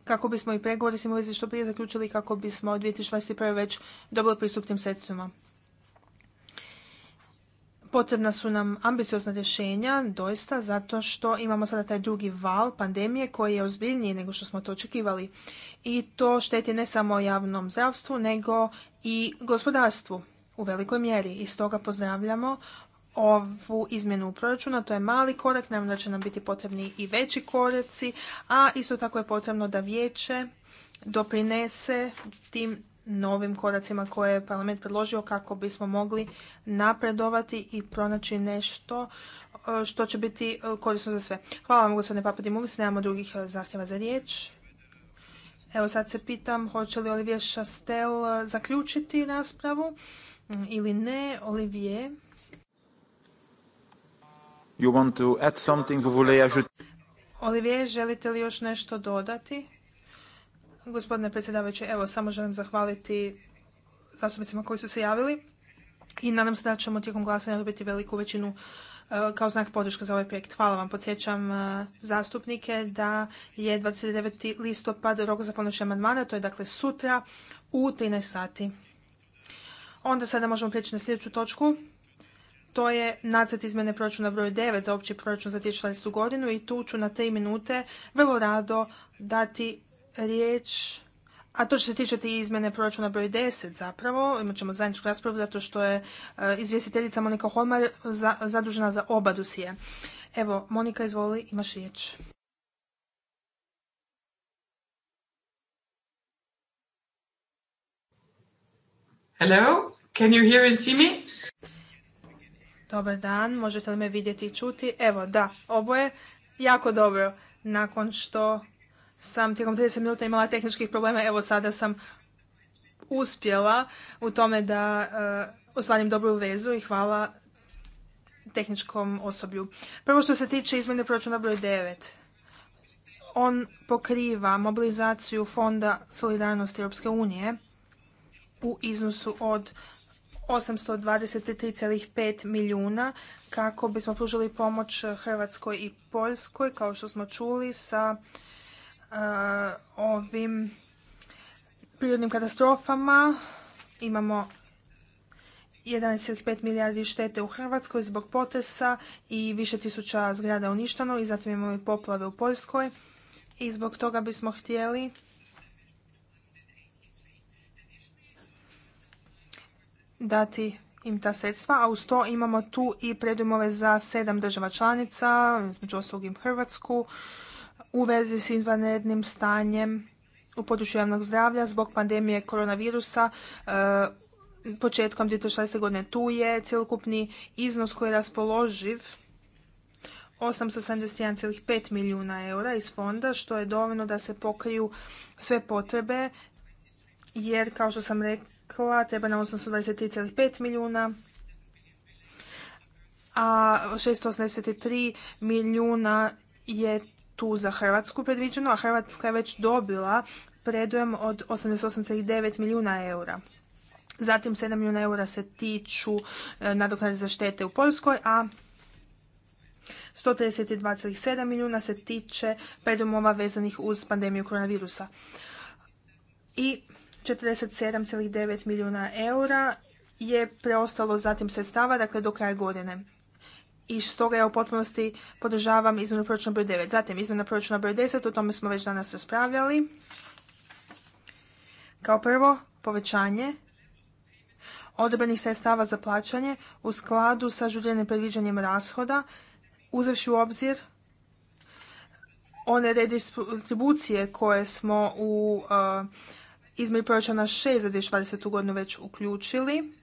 kako bismo i pregovori s tim što prije zaključili kako bismo od 2021. već dobili pristup tim sredstvima. Potrebna su nam ambiciozna rješenja, doista, zato što imamo sada taj drugi val pandemije koji je ozbiljniji nego što smo to očekivali. I to šteti ne samo javnom zdravstvu, nego i gospodarstvu u velikoj mjeri. I stoga pozdravljamo ovu izmjenu proračuna. To je mali korak, naravno da će nam biti potrebni i veći koraci, a isto tako je potrebno da vijeće doprinese tim novim koracima koje je parlament predložio kako bismo mogli napredovati i pronaći nešto e, što će biti e, korisno za sve. Hvala vam gospodine Papadimulis, nemamo drugih e, zahtjeva za riječ. Evo sad se pitam hoće li Olivier Chastel zaključiti raspravu mm, ili ne. Olivier. Olivier, želite li još nešto dodati? Gospodine predsjedavajući, evo samo želim zahvaliti zastupnicima koji su se javili i nadam se da ćemo tijekom glasanja dobiti veliku većinu e, kao znak podrške za ovaj projekt. Hvala vam. Podsjećam e, zastupnike da je 29. listopad rok za podnošenje amandmana, to je dakle sutra u 13 sati. Onda sada možemo prijeći na sljedeću točku. To je nacrt izmjene proračuna broj 9 za opći proračun za 2020. godinu i tu ću na 3 minute vrlo rado dati riječ, a to što se tiče ti izmjene proračuna broj 10 zapravo, imat ćemo zajedničku raspravu zato što je e, izvjestiteljica Monika Holmar zadužena za oba dosije. Evo, Monika, izvoli, imaš riječ. Hello, can you hear and see me? Dobar dan, možete li me vidjeti i čuti? Evo, da, oboje, jako dobro. Nakon što sam tijekom 30 minuta imala tehničkih problema, evo sada sam uspjela u tome da uh, ostvarim dobru vezu i hvala tehničkom osoblju. Prvo što se tiče izmjene proračuna broj 9. On pokriva mobilizaciju Fonda solidarnosti Europske unije u iznosu od 823,5 milijuna kako bismo pružili pomoć Hrvatskoj i Poljskoj, kao što smo čuli, sa E, ovim prirodnim katastrofama. Imamo 11,5 milijardi štete u Hrvatskoj zbog potresa i više tisuća zgrada uništeno i zatim imamo i poplave u Poljskoj i zbog toga bismo htjeli dati im ta sredstva, a uz to imamo tu i predujmove za sedam država članica, između ostalog i Hrvatsku, u vezi s izvanrednim stanjem u području javnog zdravlja zbog pandemije koronavirusa e, početkom 2016. godine. Tu je cjelokupni iznos koji je raspoloživ 871,5 milijuna eura iz fonda, što je dovoljno da se pokriju sve potrebe, jer kao što sam rekla, treba na 823,5 milijuna, a 683 milijuna je tu za Hrvatsku predviđeno, a Hrvatska je već dobila predujem od 88,9 milijuna eura. Zatim 7 milijuna eura se tiču e, nadoknade za štete u Poljskoj, a 132,7 milijuna se tiče predumova vezanih uz pandemiju koronavirusa. I 47,9 milijuna eura je preostalo zatim sredstava, dakle do kraja godine i stoga ja u potpunosti podržavam izmjenu proračuna broj 9. Zatim izmjena proračuna broj 10, o tome smo već danas raspravljali. Kao prvo, povećanje odobrenih sredstava za plaćanje u skladu sa žuljenim predviđanjem rashoda, uzevši u obzir one redistribucije koje smo u izmjeni izmjeri proračuna 6 za 2020. godinu već uključili.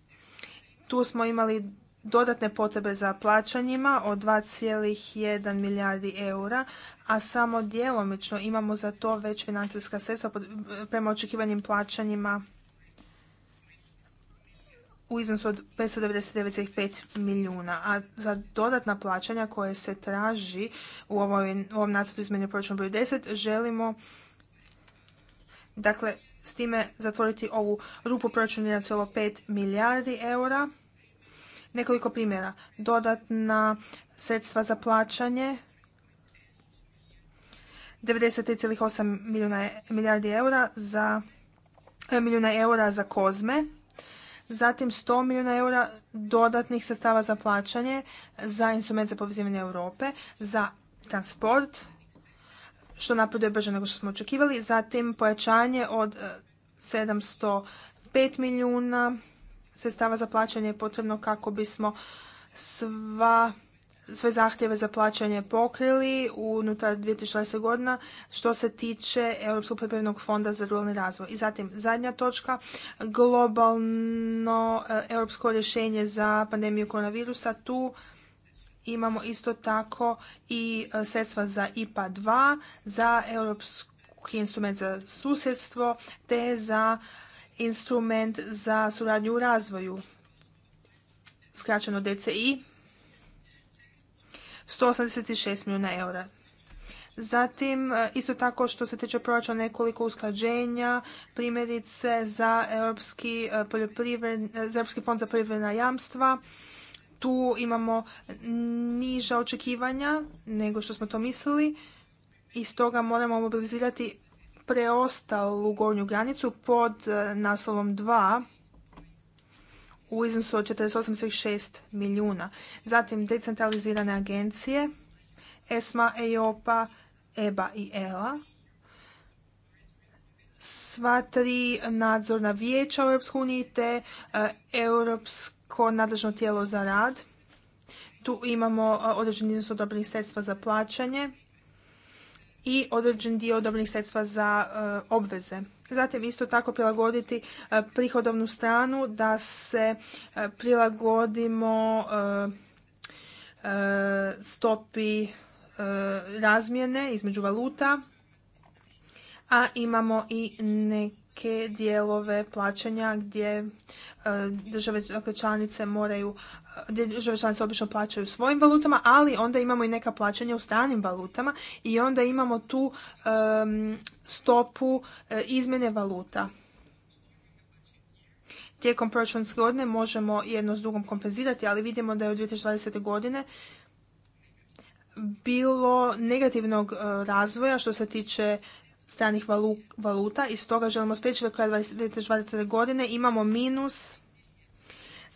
Tu smo imali dodatne potrebe za plaćanjima od 2,1 milijardi eura, a samo djelomično imamo za to već financijska sredstva prema očekivanim plaćanjima u iznosu od 599,5 milijuna, a za dodatna plaćanja koje se traži u ovom, ovom nacrtu izmjene proračuna broj 10 želimo dakle s time zatvoriti ovu rupu proračuna 1,5 milijardi eura Nekoliko primjera. Dodatna sredstva za plaćanje 93,8 e, milijardi eura za e, milijuna eura za kozme, zatim 100 milijuna eura dodatnih sredstava za plaćanje za instrument za povezivanje Europe, za transport, što napreduje brže nego što smo očekivali, zatim pojačanje od 705 e, milijuna sredstava za plaćanje je potrebno kako bismo sva sve zahtjeve za plaćanje pokrili unutar 2020 godina što se tiče Europskog pripremnog fonda za ruralni razvoj. I zatim zadnja točka, globalno e, europsko rješenje za pandemiju koronavirusa. Tu imamo isto tako i e, sredstva za IPA 2, za Europski instrument za susjedstvo te za instrument za suradnju u razvoju, skraćeno DCI, 186 milijuna eura. Zatim, e, isto tako što se tiče proračuna nekoliko usklađenja, primjerice za Europski, e, e, Europski fond za poljoprivredna jamstva, tu imamo niža očekivanja nego što smo to mislili i stoga moramo mobilizirati preostalu gornju granicu pod e, naslovom 2 u iznosu od 48,6 milijuna. Zatim decentralizirane agencije ESMA, EIOPA, EBA i ELA. Sva tri nadzorna vijeća u EU te e, Europsko nadležno tijelo za rad. Tu imamo e, određen iznos odobrenih sredstva za plaćanje i određen dio odobrenih sredstva za e, obveze. Zatim isto tako prilagoditi e, prihodovnu stranu da se e, prilagodimo stopi razmjene između valuta, a imamo i neke dijelove plaćanja gdje države dakle, članice moraju gdje države članice obično plaćaju svojim valutama, ali onda imamo i neka plaćanja u stranim valutama i onda imamo tu stopu e, izmjene valuta. Tijekom proračunske godine možemo jedno s drugom kompenzirati, ali vidimo da je od 2020. godine bilo negativnog e, razvoja što se tiče stranih valuta i stoga želimo spriječiti da kraja 2020. godine imamo minus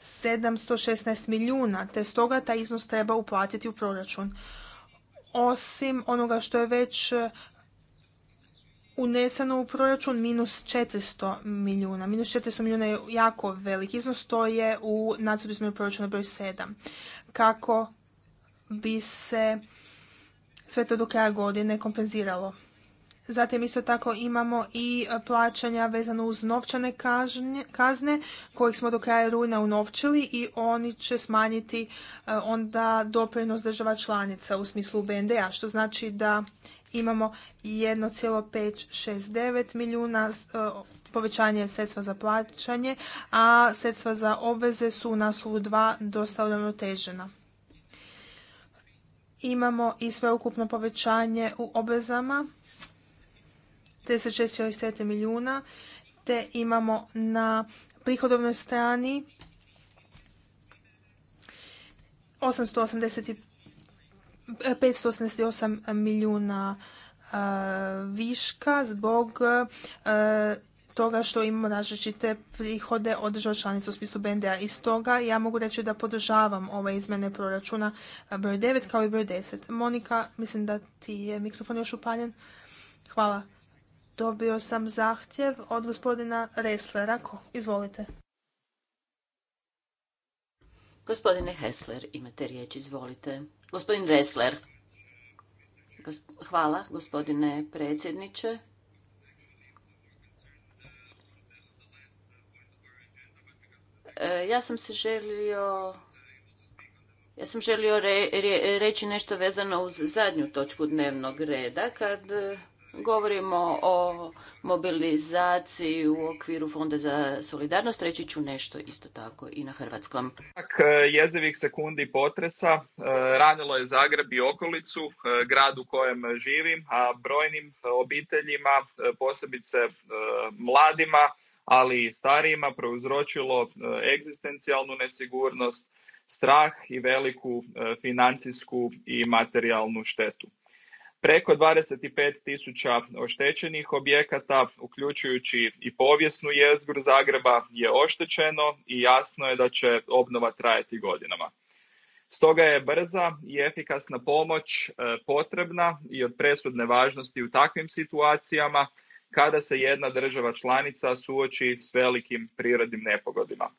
716 milijuna, te stoga taj iznos treba uplatiti u proračun. Osim onoga što je već e, uneseno u proračun minus 400 milijuna. Minus 400 milijuna je jako velik iznos, to je u nadzoru između proračuna broj 7. Kako bi se sve to do kraja godine kompenziralo. Zatim isto tako imamo i e, plaćanja vezano uz novčane kazne kojih smo do kraja rujna unovčili i oni će smanjiti e, onda doprinos država članica u smislu BND-a, što znači da imamo 1,569 milijuna e, povećanje sredstva za plaćanje, a sredstva za obveze su u naslovu 2 dosta uravnotežena imamo i sveukupno povećanje u obvezama 36,7 milijuna, te imamo na prihodovnoj strani 588 eh, milijuna eh, viška zbog eh, toga što imamo različite prihode od država članica u spisu BND-a. I stoga ja mogu reći da podržavam ove izmjene proračuna broj 9 kao i broj 10. Monika, mislim da ti je mikrofon još upaljen. Hvala. Dobio sam zahtjev od gospodina Reslera. Izvolite. Gospodine Hessler, imate riječ, izvolite. Gospodin Resler. Hvala, gospodine predsjedniče. E, ja sam se želio... Ja sam želio reći nešto vezano uz zadnju točku dnevnog reda, kad govorimo o mobilizaciji u okviru Fonda za solidarnost, reći ću nešto isto tako i na hrvatskom. E, Jezevih sekundi potresa e, ranilo je Zagreb i okolicu, e, grad u kojem živim, a brojnim obiteljima, posebice mladima, ali i starijima, prouzročilo egzistencijalnu nesigurnost, strah i veliku financijsku i materijalnu štetu. Preko 25 tisuća oštećenih objekata, uključujući i povijesnu jezgru Zagreba, je oštećeno i jasno je da će obnova trajati godinama. Stoga je brza i efikasna pomoć e, potrebna i od presudne važnosti u takvim situacijama kada se jedna država članica suoči s velikim prirodnim nepogodima.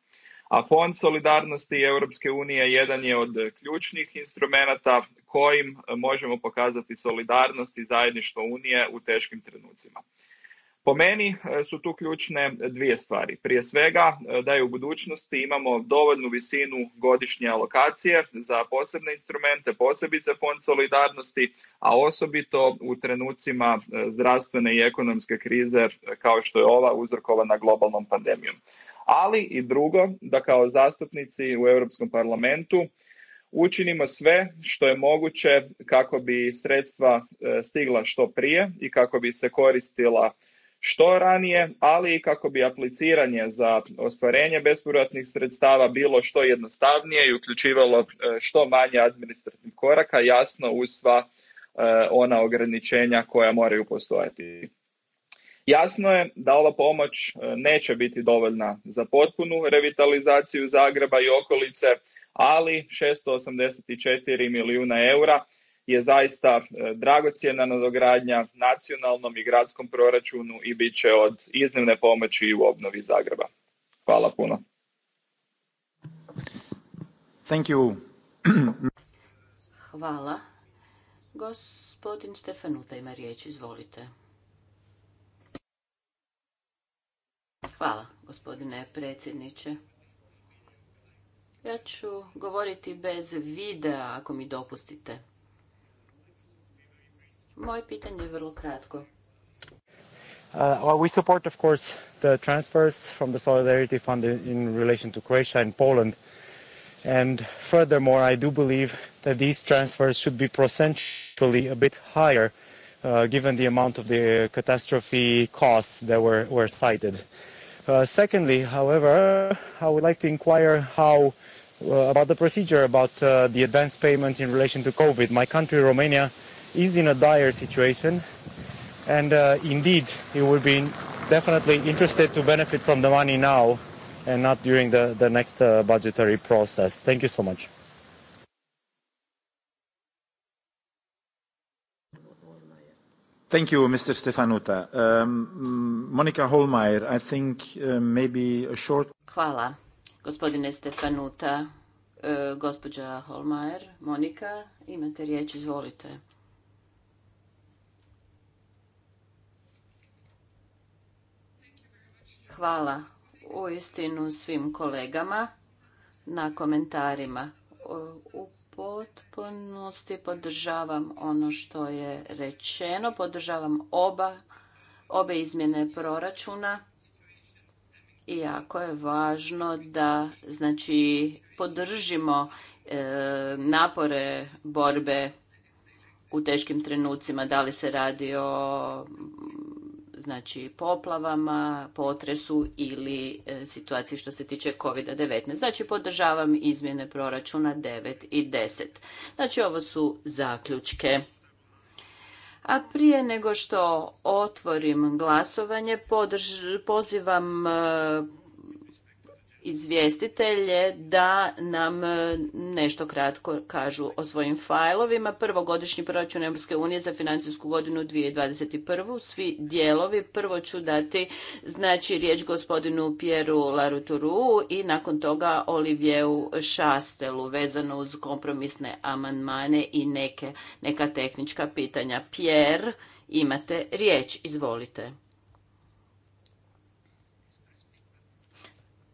A Fond solidarnosti Europske unije jedan je od ključnih instrumenata kojim e, možemo pokazati solidarnost i zajedništvo Unije u teškim trenucima. Po meni e, su tu ključne dvije stvari. Prije svega e, da je u budućnosti imamo dovoljnu visinu godišnje alokacije za posebne instrumente, posebice fond solidarnosti, a osobito u trenucima zdravstvene i ekonomske krize kao što je ova uzrokovana globalnom pandemijom. Ali i drugo, da kao zastupnici u Europskom parlamentu Učinimo sve što je moguće kako bi sredstva e, stigla što prije i kako bi se koristila što ranije, ali i kako bi apliciranje za ostvarenje bespovratnih sredstava bilo što jednostavnije i uključivalo e, što manje administrativnih koraka, jasno uz sva e, ona ograničenja koja moraju postojati. Jasno je da ova pomoć neće biti dovoljna za potpunu revitalizaciju Zagreba i okolice, ali 684 milijuna eura je zaista e, dragocjena nadogradnja nacionalnom i gradskom proračunu i bit će od iznimne pomoći u obnovi Zagreba. Hvala puno. Thank you. Hvala. Gospodin Stefanuta ima riječ, izvolite. Hvala, gospodine predsjedniče. Ja ću govoriti bez videa, ako mi dopustite. Moje pitanje je vrlo kratko. Uh, well, we support, of course, the transfers from the Solidarity Fund in relation to Croatia and Poland. And furthermore, I do believe that these transfers should be procentually a bit higher uh, given the amount of the catastrophe costs that were, were cited. Uh, secondly, however, I would like to inquire how Uh, about the procedure, about uh, the advance payments in relation to COVID. My country, Romania, is in a dire situation, and uh, indeed, it would be definitely interested to benefit from the money now and not during the, the next uh, budgetary process. Thank you so much. Thank you, Mr. Stefanuta. Um, Monica Holmeyer, I think uh, maybe a short... Hvala. Gospodine Stefanuta, e, gospođa Holmajer, Monika, imate riječ, izvolite. Hvala u istinu svim kolegama na komentarima. E, u potpunosti podržavam ono što je rečeno, podržavam oba, obe izmjene proračuna i jako je važno da znači podržimo e, napore borbe u teškim trenucima, da li se radi o znači poplavama, potresu ili e, situaciji što se tiče COVID-19. Znači podržavam izmjene proračuna 9 i 10. Znači ovo su zaključke a prije nego što otvorim glasovanje, pozivam e, izvjestitelje da nam e, nešto kratko kažu o svojim fajlovima. Prvogodišnji proračun Europske unije za financijsku godinu 2021. Svi dijelovi. Prvo ću dati znači riječ gospodinu Pieru Laruturu i nakon toga Olivijeu Šastelu vezano uz kompromisne amandmane i neke, neka tehnička pitanja. Pier, imate riječ. Izvolite.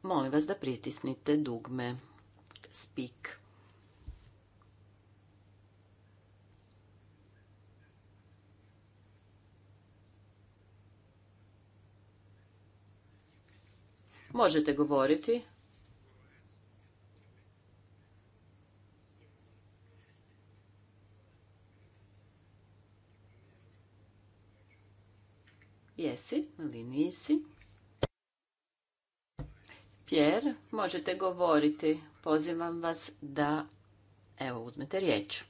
Molim vas da pritisnite dugme Speak. Možete govoriti. Jesi ili nisi? Jer možete govoriti. Pozivam vas da evo uzmete riječ.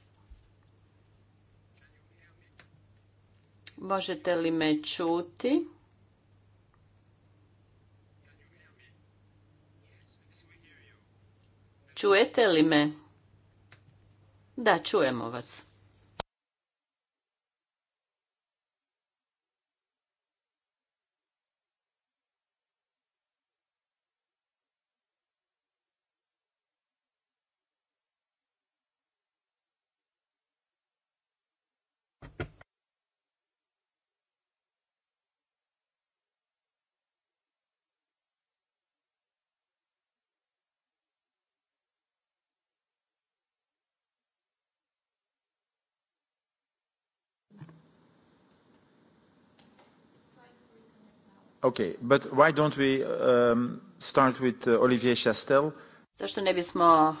Možete li me čuti? Čujete li me? Da, čujemo vas. Okay, but why don't we um, start with uh, Olivier Chastel? Zašto ne bismo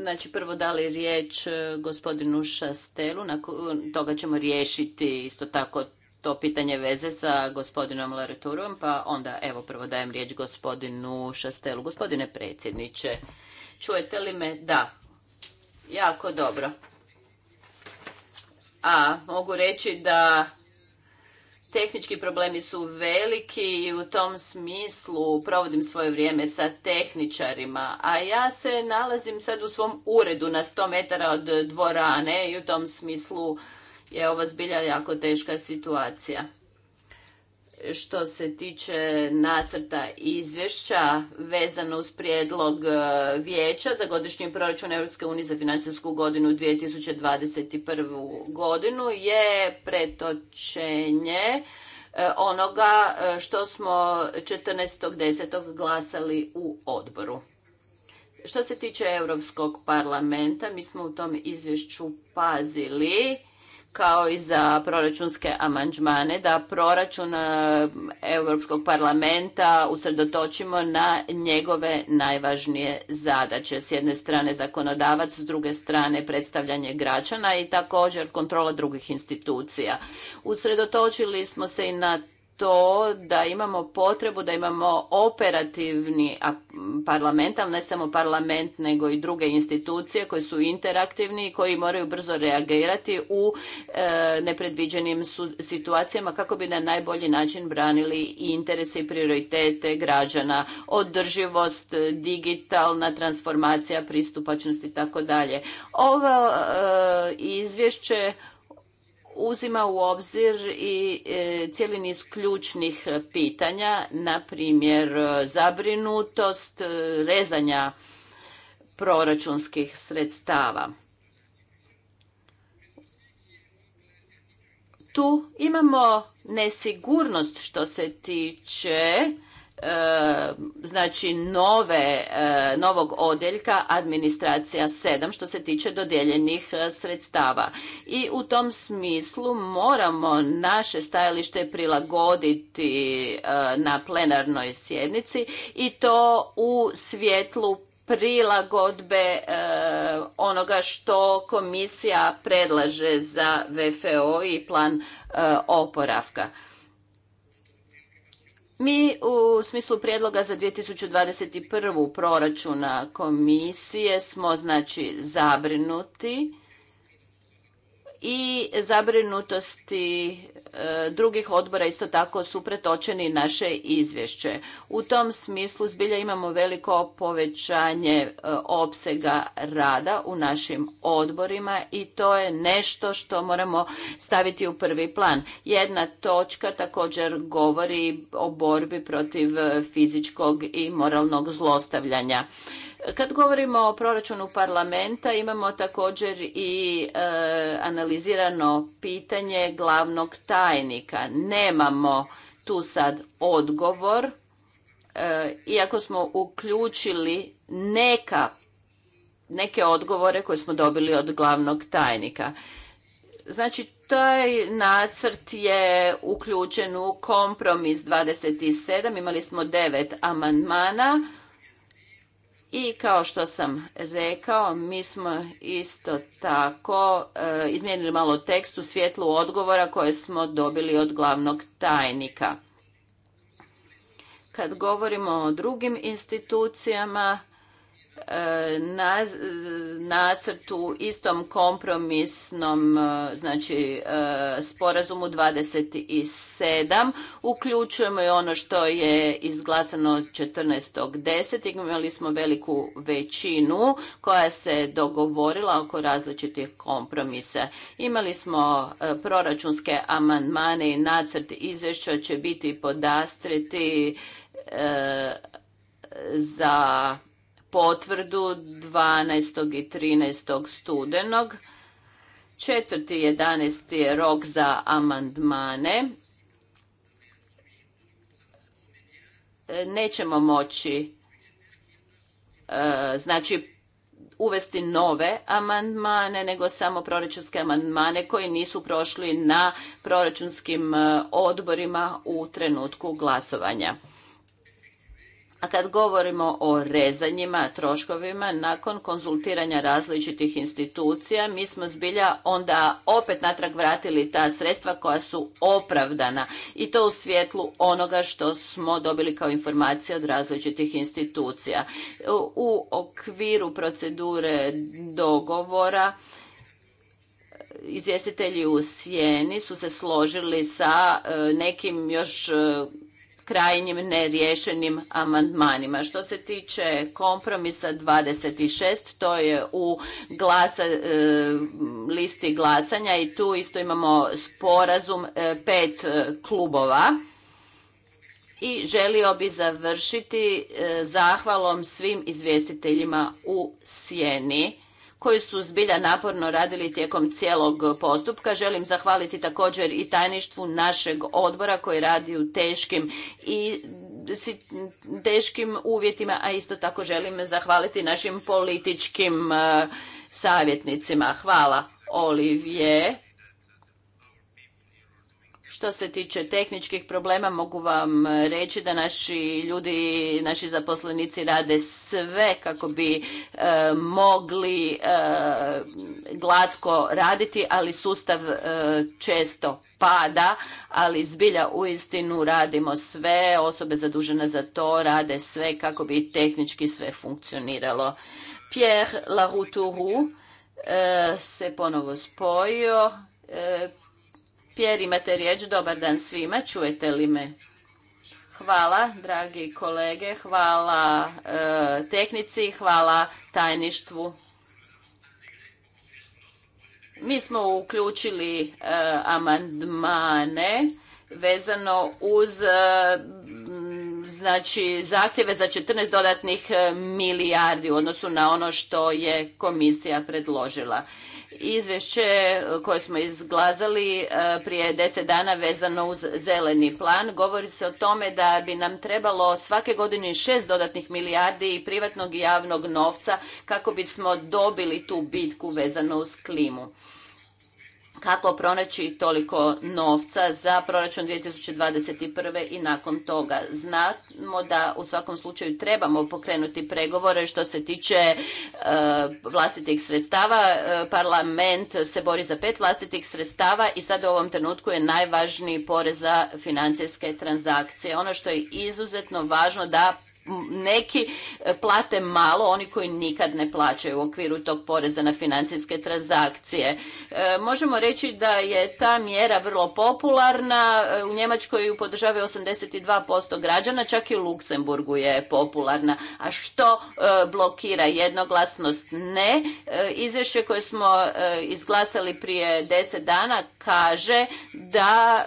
znači prvo dali riječ uh, gospodinu Šastelu, nakon toga ćemo riješiti isto tako to pitanje veze sa gospodinom Lareturom, pa onda evo prvo dajem riječ gospodinu Šastelu. Gospodine predsjedniče, čujete li me? Da, jako dobro. A, mogu reći da Tehnički problemi su veliki i u tom smislu provodim svoje vrijeme sa tehničarima, a ja se nalazim sad u svom uredu na 100 metara od dvorane i u tom smislu je ovo zbilja jako teška situacija što se tiče nacrta izvješća vezano uz prijedlog e, vijeća za godišnji proračun Europske unije za financijsku godinu 2021. godinu je pretočenje e, onoga e, što smo 14.10. glasali u odboru. Što se tiče Europskog parlamenta, mi smo u tom izvješću pazili kao i za proračunske amanđmane, da proračun e, Europskog parlamenta usredotočimo na njegove najvažnije zadaće. S jedne strane zakonodavac, s druge strane predstavljanje građana i također kontrola drugih institucija. Usredotočili smo se i na to da imamo potrebu da imamo operativni parlament, ali ne samo parlament nego i druge institucije koje su interaktivni i koji moraju brzo reagirati u e, nepredviđenim situacijama kako bi na najbolji način branili interese i prioritete građana, održivost, digitalna transformacija, pristupačnost i tako dalje. Ovo e, izvješće uzima u obzir i e, cijeli niz ključnih pitanja, na primjer e, zabrinutost e, rezanja proračunskih sredstava. Tu imamo nesigurnost što se tiče E, znači nove, e, novog odjeljka administracija 7 što se tiče dodijeljenih e, sredstava. I u tom smislu moramo naše stajalište prilagoditi na plenarnoj sjednici i to u svjetlu prilagodbe onoga što komisija predlaže za VFO i plan oporavka. Mi u smislu prijedloga za 2021. proračuna komisije smo znači zabrinuti i zabrinutosti E, drugih odbora isto tako su pretočeni naše izvješće. U tom smislu zbilja imamo veliko povećanje e, opsega rada u našim odborima i to je nešto što moramo staviti u prvi plan. Jedna točka također govori o borbi protiv fizičkog i moralnog zlostavljanja. Kad govorimo o proračunu parlamenta, imamo također i e, analizirano pitanje glavnog tajnika. Nemamo tu sad odgovor, e, iako smo uključili neka, neke odgovore koje smo dobili od glavnog tajnika. Znači, taj nacrt je uključen u kompromis 27, imali smo devet amandmana i kao što sam rekao, mi smo isto tako e, izmijenili malo tekst u svjetlu odgovora koje smo dobili od glavnog tajnika. Kad govorimo o drugim institucijama, nacrtu istom kompromisnom e, znači e, sporazumu 27 uključujemo i ono što je izglasano 14.10. imali smo veliku većinu koja se dogovorila oko različitih kompromisa. Imali smo e, proračunske amandmane i nacrt izvješća će biti podastreti za potvrdu 12. i 13. studenog. Četvrti 11. je rok za amandmane. Nećemo moći e, znači uvesti nove amandmane, nego samo proračunske amandmane koji nisu prošli na proračunskim e, odborima u trenutku glasovanja. A kad govorimo o rezanjima, troškovima, nakon konzultiranja različitih institucija, mi smo zbilja onda opet natrag vratili ta sredstva koja su opravdana i to u svjetlu onoga što smo dobili kao informacije od različitih institucija. U okviru procedure dogovora izvjestitelji u Sjeni su se složili sa e, nekim još e, krajnjim neriješenim amandmanima. Što se tiče kompromisa 26, to je u glasa, e, listi glasanja i tu isto imamo sporazum e, pet e, klubova. I želio bi završiti zahvalom svim izvjestiteljima u Sjeni koji su zbilja naporno radili tijekom cijelog postupka. Želim zahvaliti također i tajništvu našeg odbora koji radi u teškim i teškim uvjetima, a isto tako želim zahvaliti našim političkim eh, savjetnicima. Hvala Olivije. Što se tiče tehničkih problema, mogu vam reći da naši ljudi, naši zaposlenici rade sve kako bi e, mogli e, glatko raditi, ali sustav e, često pada, ali zbilja u istinu radimo sve, osobe zadužene za to rade sve kako bi tehnički sve funkcioniralo. Pierre Laroutourou se ponovo spojio, Pjer, imate riječ. Dobar dan svima. Čujete li me? Hvala, dragi kolege. Hvala e, tehnici. Hvala tajništvu. Mi smo uključili e, amandmane vezano uz e, znači zahtjeve za 14 dodatnih milijardi u odnosu na ono što je komisija predložila izvješće e, koje smo izglazali e, prije deset dana vezano uz zeleni plan govori se o tome da bi nam trebalo svake godine šest dodatnih milijardi privatnog i javnog novca kako bismo dobili tu bitku vezano uz klimu kako pronaći toliko novca za proračun 2021. i nakon toga. Znamo da u svakom slučaju trebamo pokrenuti pregovore što se tiče e, vlastitih sredstava. E, parlament se bori za pet vlastitih sredstava i sad u ovom trenutku je najvažniji porez za financijske transakcije. Ono što je izuzetno važno da neki e, plate malo, oni koji nikad ne plaćaju u okviru tog poreza na financijske transakcije. E, možemo reći da je ta mjera vrlo popularna, e, u Njemačkoj ju podržava 82% građana, čak i u Luksemburgu je popularna. A što blokira jednoglasnost? Ne. E, izvješće koje smo izglasali prije 10 dana kaže da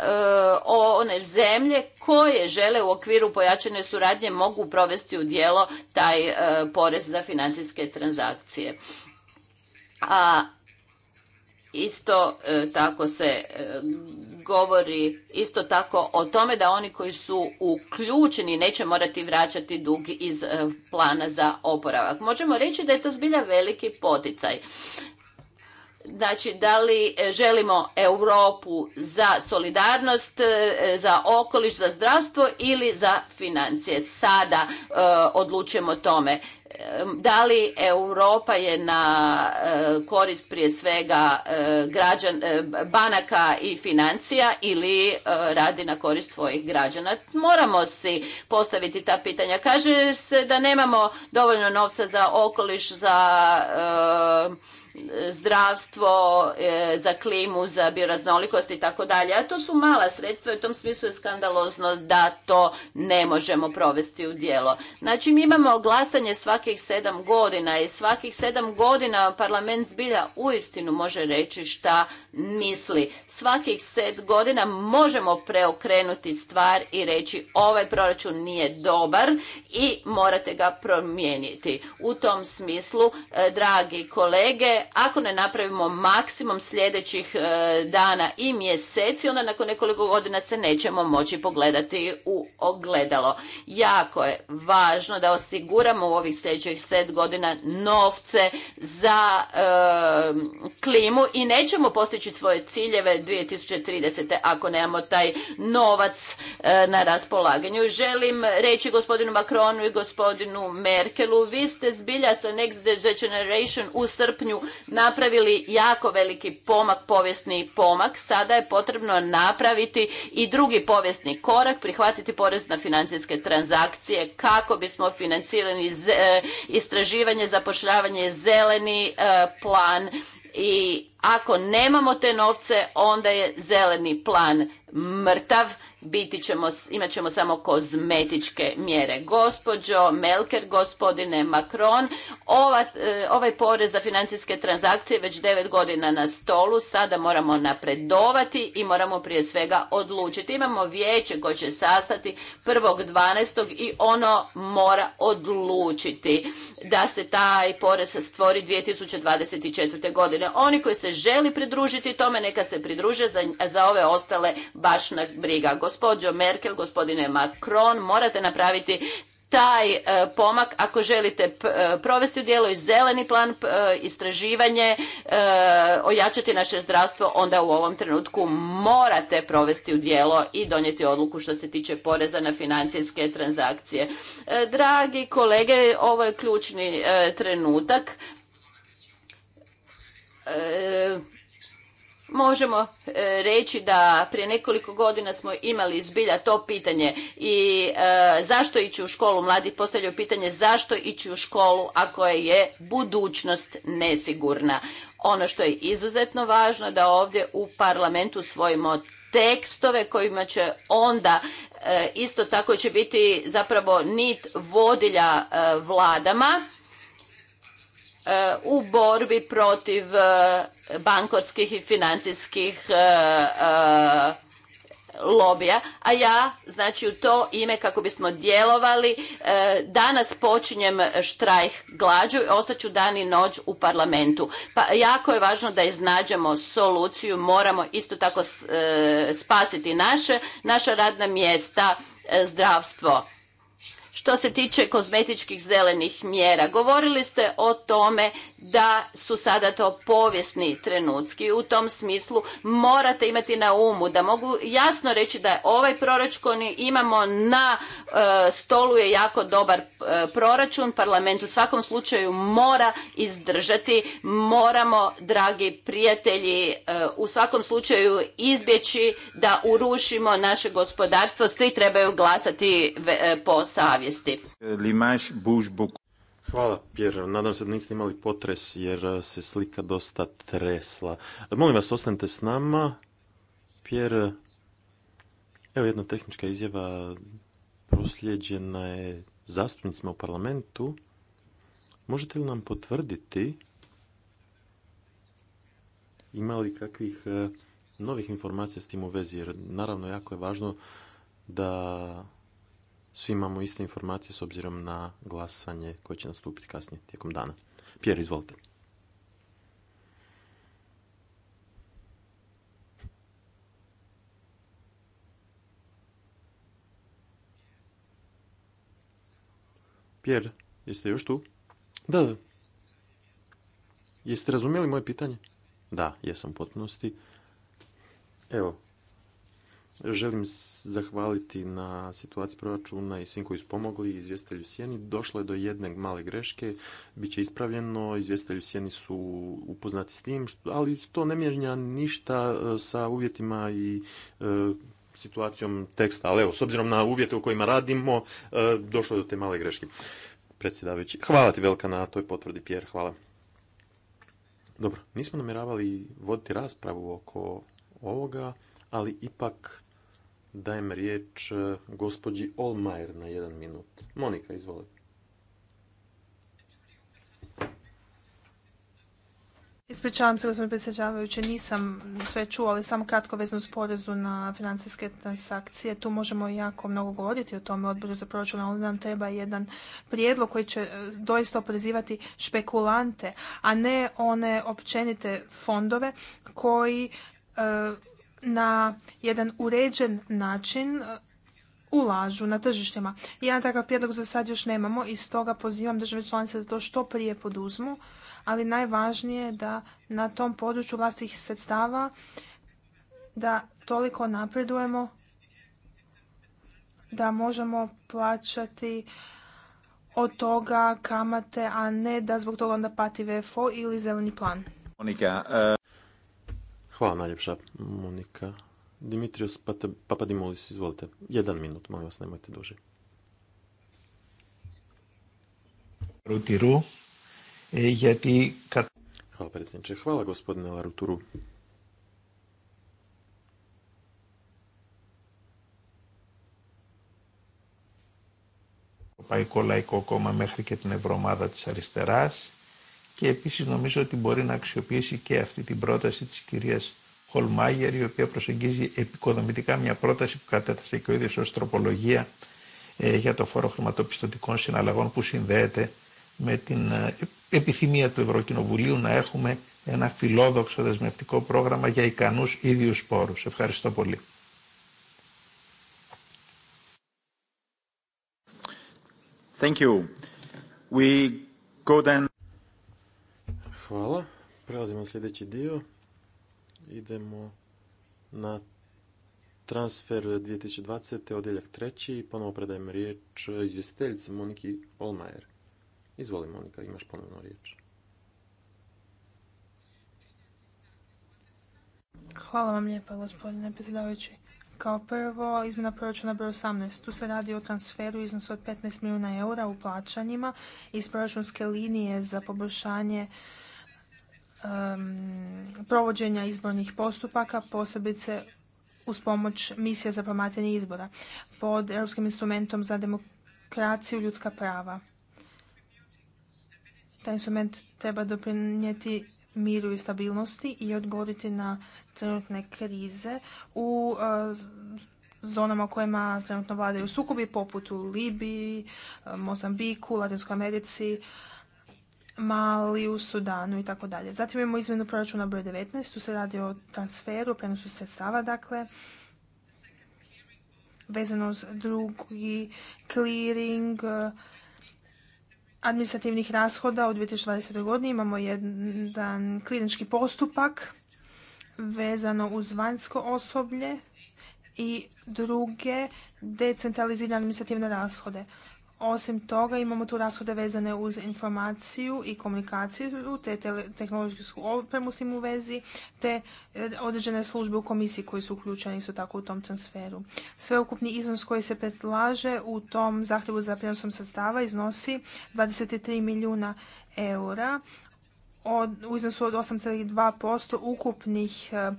one zemlje koje žele u okviru pojačane suradnje mogu provesti u dijelo taj e, porez za financijske transakcije. A isto e, tako se e, govori isto tako o tome da oni koji su uključeni neće morati vraćati dug iz plana za oporavak. Možemo reći da je to zbilja veliki poticaj. Znači, da li e, želimo Europu za solidarnost, e, za okoliš, za zdravstvo ili za financije? Sada e, odlučujemo o tome. Da li Europa je na korist prije svega građan, banaka i financija ili radi na korist svojih građana? Moramo si postaviti ta pitanja. Kaže se da nemamo dovoljno novca za okoliš, za zdravstvo, e, za klimu, za bioraznolikost i tako dalje. A to su mala sredstva i u tom smislu je skandalozno da to ne možemo provesti u djelo. Znači mi imamo glasanje svakih sedam godina i svakih sedam godina parlament zbilja uistinu može reći šta misli. Svakih sedam godina možemo preokrenuti stvar i reći ovaj proračun nije dobar i morate ga promijeniti. U tom smislu, e, dragi kolege, ako ne napravimo maksimum sljedećih e, dana i mjeseci, onda nakon nekoliko godina se nećemo moći pogledati u ogledalo. Jako je važno da osiguramo u ovih sljedećih set godina novce za e, klimu i nećemo postići svoje ciljeve 2030. ako nemamo taj novac e, na raspolaganju. Želim reći gospodinu Macronu i gospodinu Merkelu, vi ste zbilja sa Next Generation u srpnju napravili jako veliki pomak, povijesni pomak. Sada je potrebno napraviti i drugi povijesni korak, prihvatiti porez na financijske transakcije kako bismo financirali e, istraživanje, zapošljavanje, zeleni e, plan i ako nemamo te novce, onda je zeleni plan mrtav biti ćemo, imat ćemo samo kozmetičke mjere. Gospođo Melker, gospodine Macron, e, ovaj porez za financijske transakcije već devet godina na stolu, sada moramo napredovati i moramo prije svega odlučiti. Imamo vijeće koje će sastati 1.12. i ono mora odlučiti da se taj porez stvori 2024. godine. Oni koji se želi pridružiti tome, neka se pridruže za, za ove ostale baš na briga. gospođo Merkel, gospodine Macron, morate napraviti taj e, pomak ako želite e, provesti u djelo i zeleni plan e, istraživanje ojačati naše zdravstvo onda u ovom trenutku morate provesti u djelo i donijeti odluku što se tiče poreza na financijske transakcije dragi kolege ovo je ključni trenutak možemo e, reći da prije nekoliko godina smo imali zbilja to pitanje i e, zašto ići u školu mladi postavljaju pitanje zašto ići u školu ako je budućnost nesigurna ono što je izuzetno važno da ovdje u parlamentu usvojimo tekstove kojima će onda e, isto tako će biti zapravo nit vodilja vladama u borbi protiv bankorskih i financijskih e, e, lobija, a ja znači u to ime kako bismo djelovali e, danas počinjem štrajk glađu i ostaću dan i noć u parlamentu. Pa jako je važno da iznađemo soluciju, moramo isto tako spasiti naše, naša radna mjesta, zdravstvo. Što se tiče kozmetičkih zelenih mjera, govorili ste o tome da su sada to povijesni trenutski. U tom smislu morate imati na umu da mogu jasno reći da ovaj proračun imamo na e, stolu je jako dobar e, proračun. Parlament u svakom slučaju mora izdržati. Moramo, dragi prijatelji, e, u svakom slučaju izbjeći da urušimo naše gospodarstvo. Svi trebaju glasati po savjesti savjesti. Hvala, Pjer. Nadam se da niste imali potres jer eh, se slika dosta tresla. Molim vas, ostanite s nama. Pjer, evo jedna tehnička izjava prosljeđena je zastupnicima u parlamentu. Možete li nam potvrditi ima li kakvih eh, novih informacija s tim u vezi? Jer naravno jako je važno da svi imamo iste informacije s obzirom na glasanje koje će nastupiti kasnije tijekom dana. Pjer, izvolite. Pjer, jeste još tu? Da, da. Jeste razumjeli moje pitanje? Da, jesam u potpunosti. Evo, Želim zahvaliti na situaciji proračuna i svim koji su pomogli izvjestelju Sjeni. Došlo je do jedne male greške, bit će ispravljeno, izvjestelju Sjeni su upoznati s tim, ali to ne mijenja ništa e, sa uvjetima i e, situacijom teksta. Ali evo, s obzirom na uvjete u kojima radimo, e, došlo je do te male greške. Predsjedavajući, hvala ti velika na toj potvrdi, Pierre. hvala. Dobro, nismo namjeravali voditi raspravu oko ovoga ali ipak dajem riječ e, gospođi Olmajer na jedan minut. Monika, izvoli. Ispričavam se, gospodine predsjedavajući, nisam sve čuo, ali samo kratko vezno s porezu na financijske transakcije. Tu možemo jako mnogo govoriti o tome odboru za proračun, ali nam treba jedan prijedlog koji će e, doista oporezivati špekulante, a ne one općenite fondove koji e, na jedan uređen način e, ulažu na tržištima. Jedan takav prijedlog za sad još nemamo i stoga pozivam države članice da to što prije poduzmu, ali najvažnije je da na tom području vlastitih sredstava da toliko napredujemo da možemo plaćati od toga kamate, a ne da zbog toga onda pati VFO ili zeleni plan. E, Hvala najljepša, Monika. Dimitrios Papadimolis, izvolite. Jedan minut, molim vas, nemojte duže. Rutiru, e, jeti kad... Hvala predsjedniče. Hvala gospodine Laruturu. pa Λαϊκό Κόμμα ne και την της και επίσης νομίζω ότι μπορεί να αξιοποιήσει και αυτή την πρόταση της κυρίας Χολμάγερ, η οποία προσεγγίζει επικοδομητικά μια πρόταση που κατέθεσε και ο ίδιος ως τροπολογία ε, για το φόρο χρηματοπιστωτικών συναλλαγών που συνδέεται με την επιθυμία του Ευρωκοινοβουλίου να έχουμε ένα φιλόδοξο δεσμευτικό πρόγραμμα για ικανούς ίδιους πόρους. Ευχαριστώ πολύ. Thank you. We go then... Hvala. Prelazimo na sljedeći dio. Idemo na transfer 2020. odjeljak treći I ponovo predajem riječ izvjestiteljici Moniki Olmajer. Izvoli Monika, imaš ponovno riječ. Hvala vam lijepa, gospodine predsjedavajući. Kao prvo, izmjena proračuna broj 18. Tu se radi o transferu iznosu od 15 milijuna eura u plaćanjima iz proračunske linije za poboljšanje provođenja izbornih postupaka, posebice uz pomoć misije za promatranje izbora pod Europskim instrumentom za demokraciju i ljudska prava. Taj instrument treba doprinijeti miru i stabilnosti i odgovoriti na trenutne krize u eh, zonama u kojima trenutno vladaju sukobi poput u Libiji, eh, Mozambiku, Latinskoj Americi, Mali u Sudanu i tako dalje. Zatim imamo izmjenu proračuna broj 19, tu se radi o transferu, prenosu sredstava, dakle, vezano uz drugi clearing eh, administrativnih rashoda u 2020. godini imamo jedan klinički postupak vezano uz vanjsko osoblje i druge decentralizirane administrativne rashode. Osim toga imamo tu rashode vezane uz informaciju i komunikaciju te tehnološku opremu s tim u vezi te e, određene službe u komisiji koji su uključeni su tako u tom transferu. Sveukupni iznos koji se predlaže u tom zahtjevu za prijenosom sredstava iznosi 23 milijuna eura u iznosu od 8,2% ukupnih e,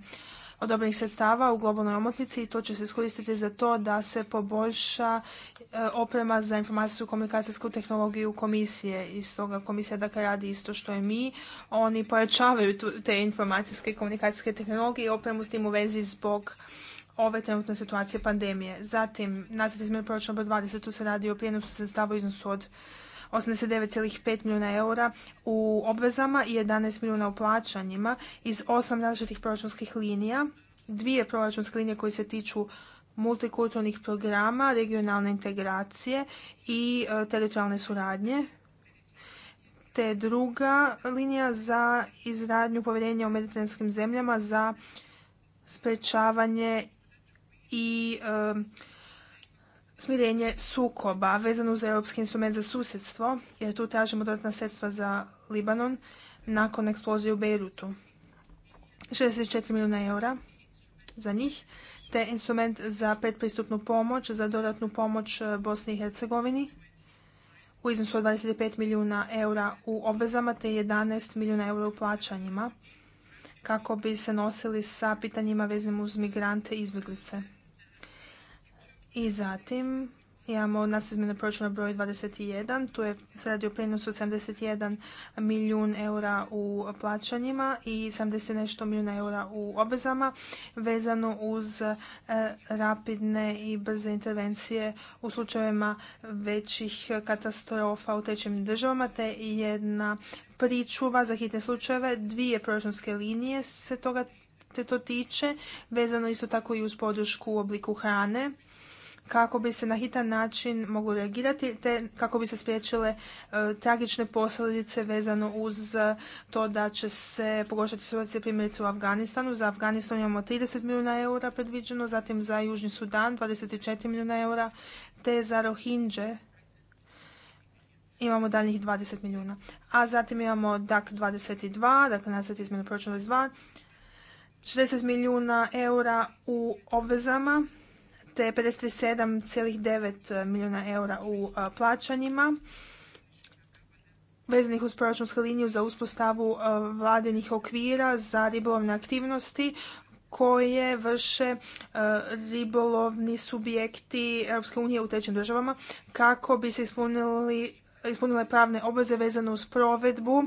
odobrenih sredstava u globalnoj omotnici i to će se iskoristiti za to da se poboljša e, oprema za informacijsku komunikacijsku tehnologiju komisije. I stoga komisija dakle radi isto što i mi. Oni pojačavaju te informacijske i komunikacijske tehnologije i opremu s tim u vezi zbog ove trenutne situacije pandemije. Zatim, nacrt izmjene proračuna broj 20. Tu se radi o prijenosu sredstava u iznosu od 89,5 milijuna eura u obvezama i 11 milijuna u plaćanjima iz osam različitih proračunskih linija, dvije proračunske linije koje se tiču multikulturnih programa, regionalne integracije i e, teritorijalne suradnje, te druga linija za izradnju povjerenja u mediteranskim zemljama za sprečavanje i e, smirenje sukoba vezano za Europski instrument za susjedstvo, jer tu tražimo dodatna sredstva za Libanon nakon eksplozije u Beirutu. 64 milijuna eura za njih, te instrument za predpristupnu pomoć, za dodatnu pomoć e, Bosni i Hercegovini u iznosu od 25 milijuna eura u obvezama te 11 milijuna eura u plaćanjima kako bi se nosili sa pitanjima veznim uz migrante i izbjeglice. I zatim imamo nas izmjene proračuna broj 21. Tu je se radi o 71 milijun eura u plaćanjima i 70 nešto milijuna eura u obvezama vezano uz e, rapidne i brze intervencije u slučajevima većih katastrofa u trećim državama te jedna pričuva za hitne slučajeve. Dvije proračunske linije se toga te to tiče, vezano isto tako i uz podršku u obliku hrane kako bi se na hitan način moglo reagirati te kako bi se spriječile e, tragične posljedice vezano uz to da će se pogoršati situacija primjerice u Afganistanu. Za Afganistan imamo 30 milijuna eura predviđeno, zatim za Južni Sudan 24 milijuna eura, te za Rohingje imamo daljnjih 20 milijuna. A zatim imamo Dak 22, dakle naset izmjena proračuna 22, 60 milijuna eura u obvezama te 57,9 eh, milijuna eura u eh, plaćanjima vezanih uz proračunsku liniju za uspostavu eh, vladinih okvira za ribolovne aktivnosti koje vrše ribolovni subjekti Europske unije u trećim državama kako bi se ispunile pravne obveze vezane uz provedbu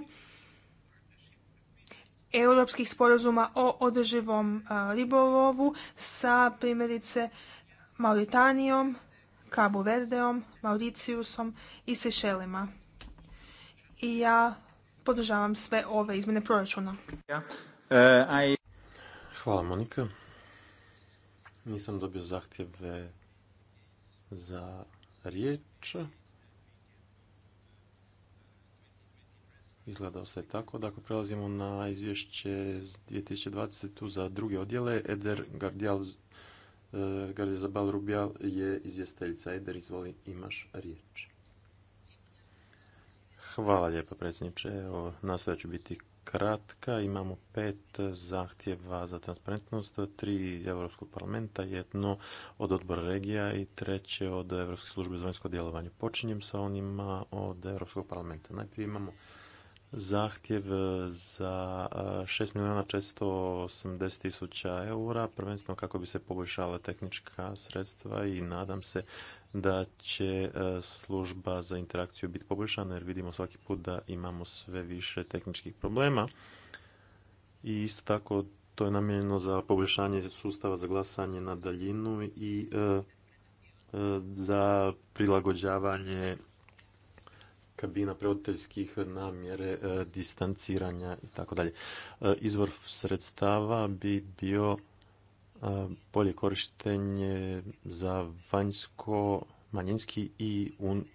europskih sporazuma o održivom ribolovu sa primjerice Mauritanijom, Cabo Verdeom, Mauriciusom i Sešelima. I ja podržavam sve ove izmjene proračuna. Uh, Hvala Monika. Nisam dobio zahtjeve za riječ. Izgleda sve tako. Dakle, prelazimo na izvješće 2020. za druge odjele. Eder Gardial E, Gardija Zabal Rubjal je izvjesteljica Eder, izvoli, imaš riječ. Hvala lijepa predsjedniče. Evo, nastavit ću biti kratka. Imamo pet zahtjeva za transparentnost, tri Europskog parlamenta, jedno od odbora regija i treće od Europske službe za vanjsko djelovanje. Počinjem sa onima od Europskog parlamenta. Najprije imamo zahtjev e, za 6 e, milijuna 480 tisuća eura, prvenstveno kako bi se poboljšala tehnička sredstva i nadam se da će e, služba za interakciju biti poboljšana jer vidimo svaki put da imamo sve više tehničkih problema. I isto tako to je namijenjeno za poboljšanje sustava za glasanje na daljinu i za prilagođavanje kabina prevoditeljskih namjere, e, distanciranja i tako dalje. E, izvor sredstava bi bio e, bolje korištenje za vanjsko manjinski i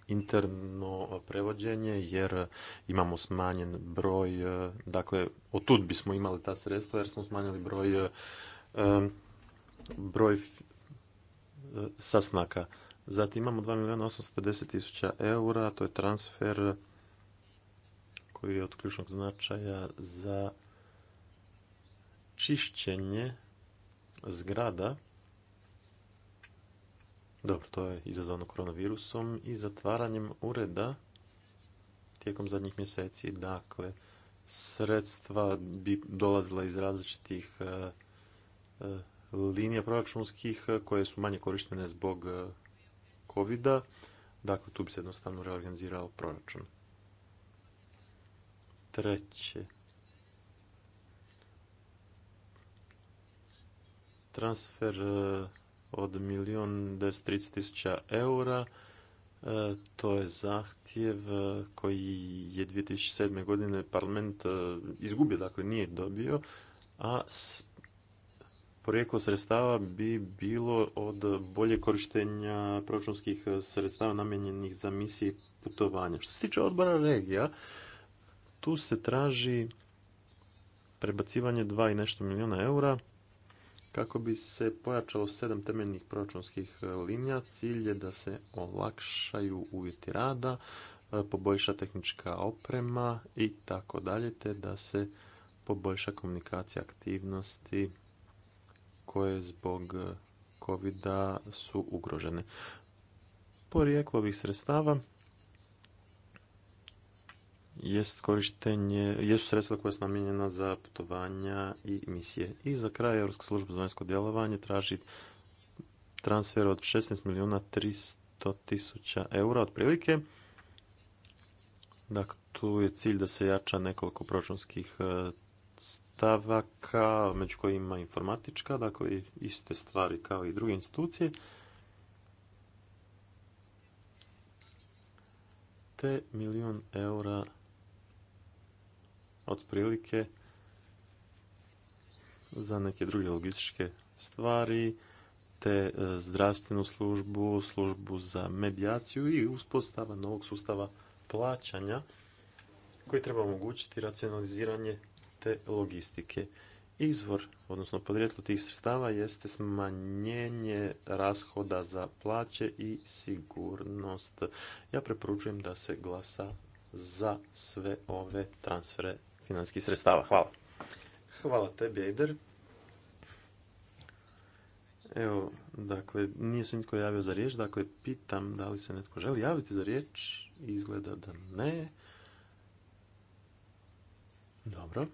interno prevođenje jer imamo smanjen broj, dakle otud bismo imali ta sredstva jer smo smanjili broj, broj sasnaka. Zatim imamo 2.850.000 eura, to je transfer koji je od ključnog značaja za čišćenje zgrada. Dobro, to je izazvano koronavirusom i zatvaranjem ureda tijekom zadnjih mjeseci. Dakle, sredstva bi dolazila iz različitih e, e, linija proračunskih e, koje su manje korištene zbog covid -a. Dakle, tu bi se jednostavno reorganizirao proračun. Treće. Transfer e, od milijun tisuća eura. E, to je zahtjev e, koji je 2007. godine parlament izgubio, dakle nije dobio, a porijeklo sredstava bi bilo od bolje korištenja proračunskih sredstava namijenjenih za misije i putovanja. Što se tiče odbora regija, tu se traži prebacivanje 2 i nešto milijuna eura kako bi se pojačalo sedam temeljnih proračunskih linija. Cilj je da se olakšaju uvjeti rada, poboljša tehnička oprema i tako dalje, te da se poboljša komunikacija aktivnosti koje zbog eh, covid su ugrožene. Porijeklo ovih sredstava jest korištenje, jesu sredstva koja su namijenjena za putovanja i misije. I za kraj Europska služba za vanjsko djelovanje traži transfer od 16 milijuna 300 tisuća eura otprilike. Dakle, tu je cilj da se jača nekoliko proračunskih eh, stavaka, među kojima informatička, dakle iste stvari kao i druge institucije, te milijun eura otprilike za neke druge logističke stvari, te e, zdravstvenu službu, službu za medijaciju i uspostava novog sustava plaćanja koji treba omogućiti racionaliziranje te logistike. Izvor, odnosno podrijetlo tih sredstava jeste smanjenje rashoda za plaće i sigurnost. Ja preporučujem da se glasa za sve ove transfere financijskih sredstava. Hvala. Hvala tebi, Evo, dakle, nije se nitko javio za riječ, dakle, pitam da li se netko želi javiti za riječ. Izgleda da ne. Dobro.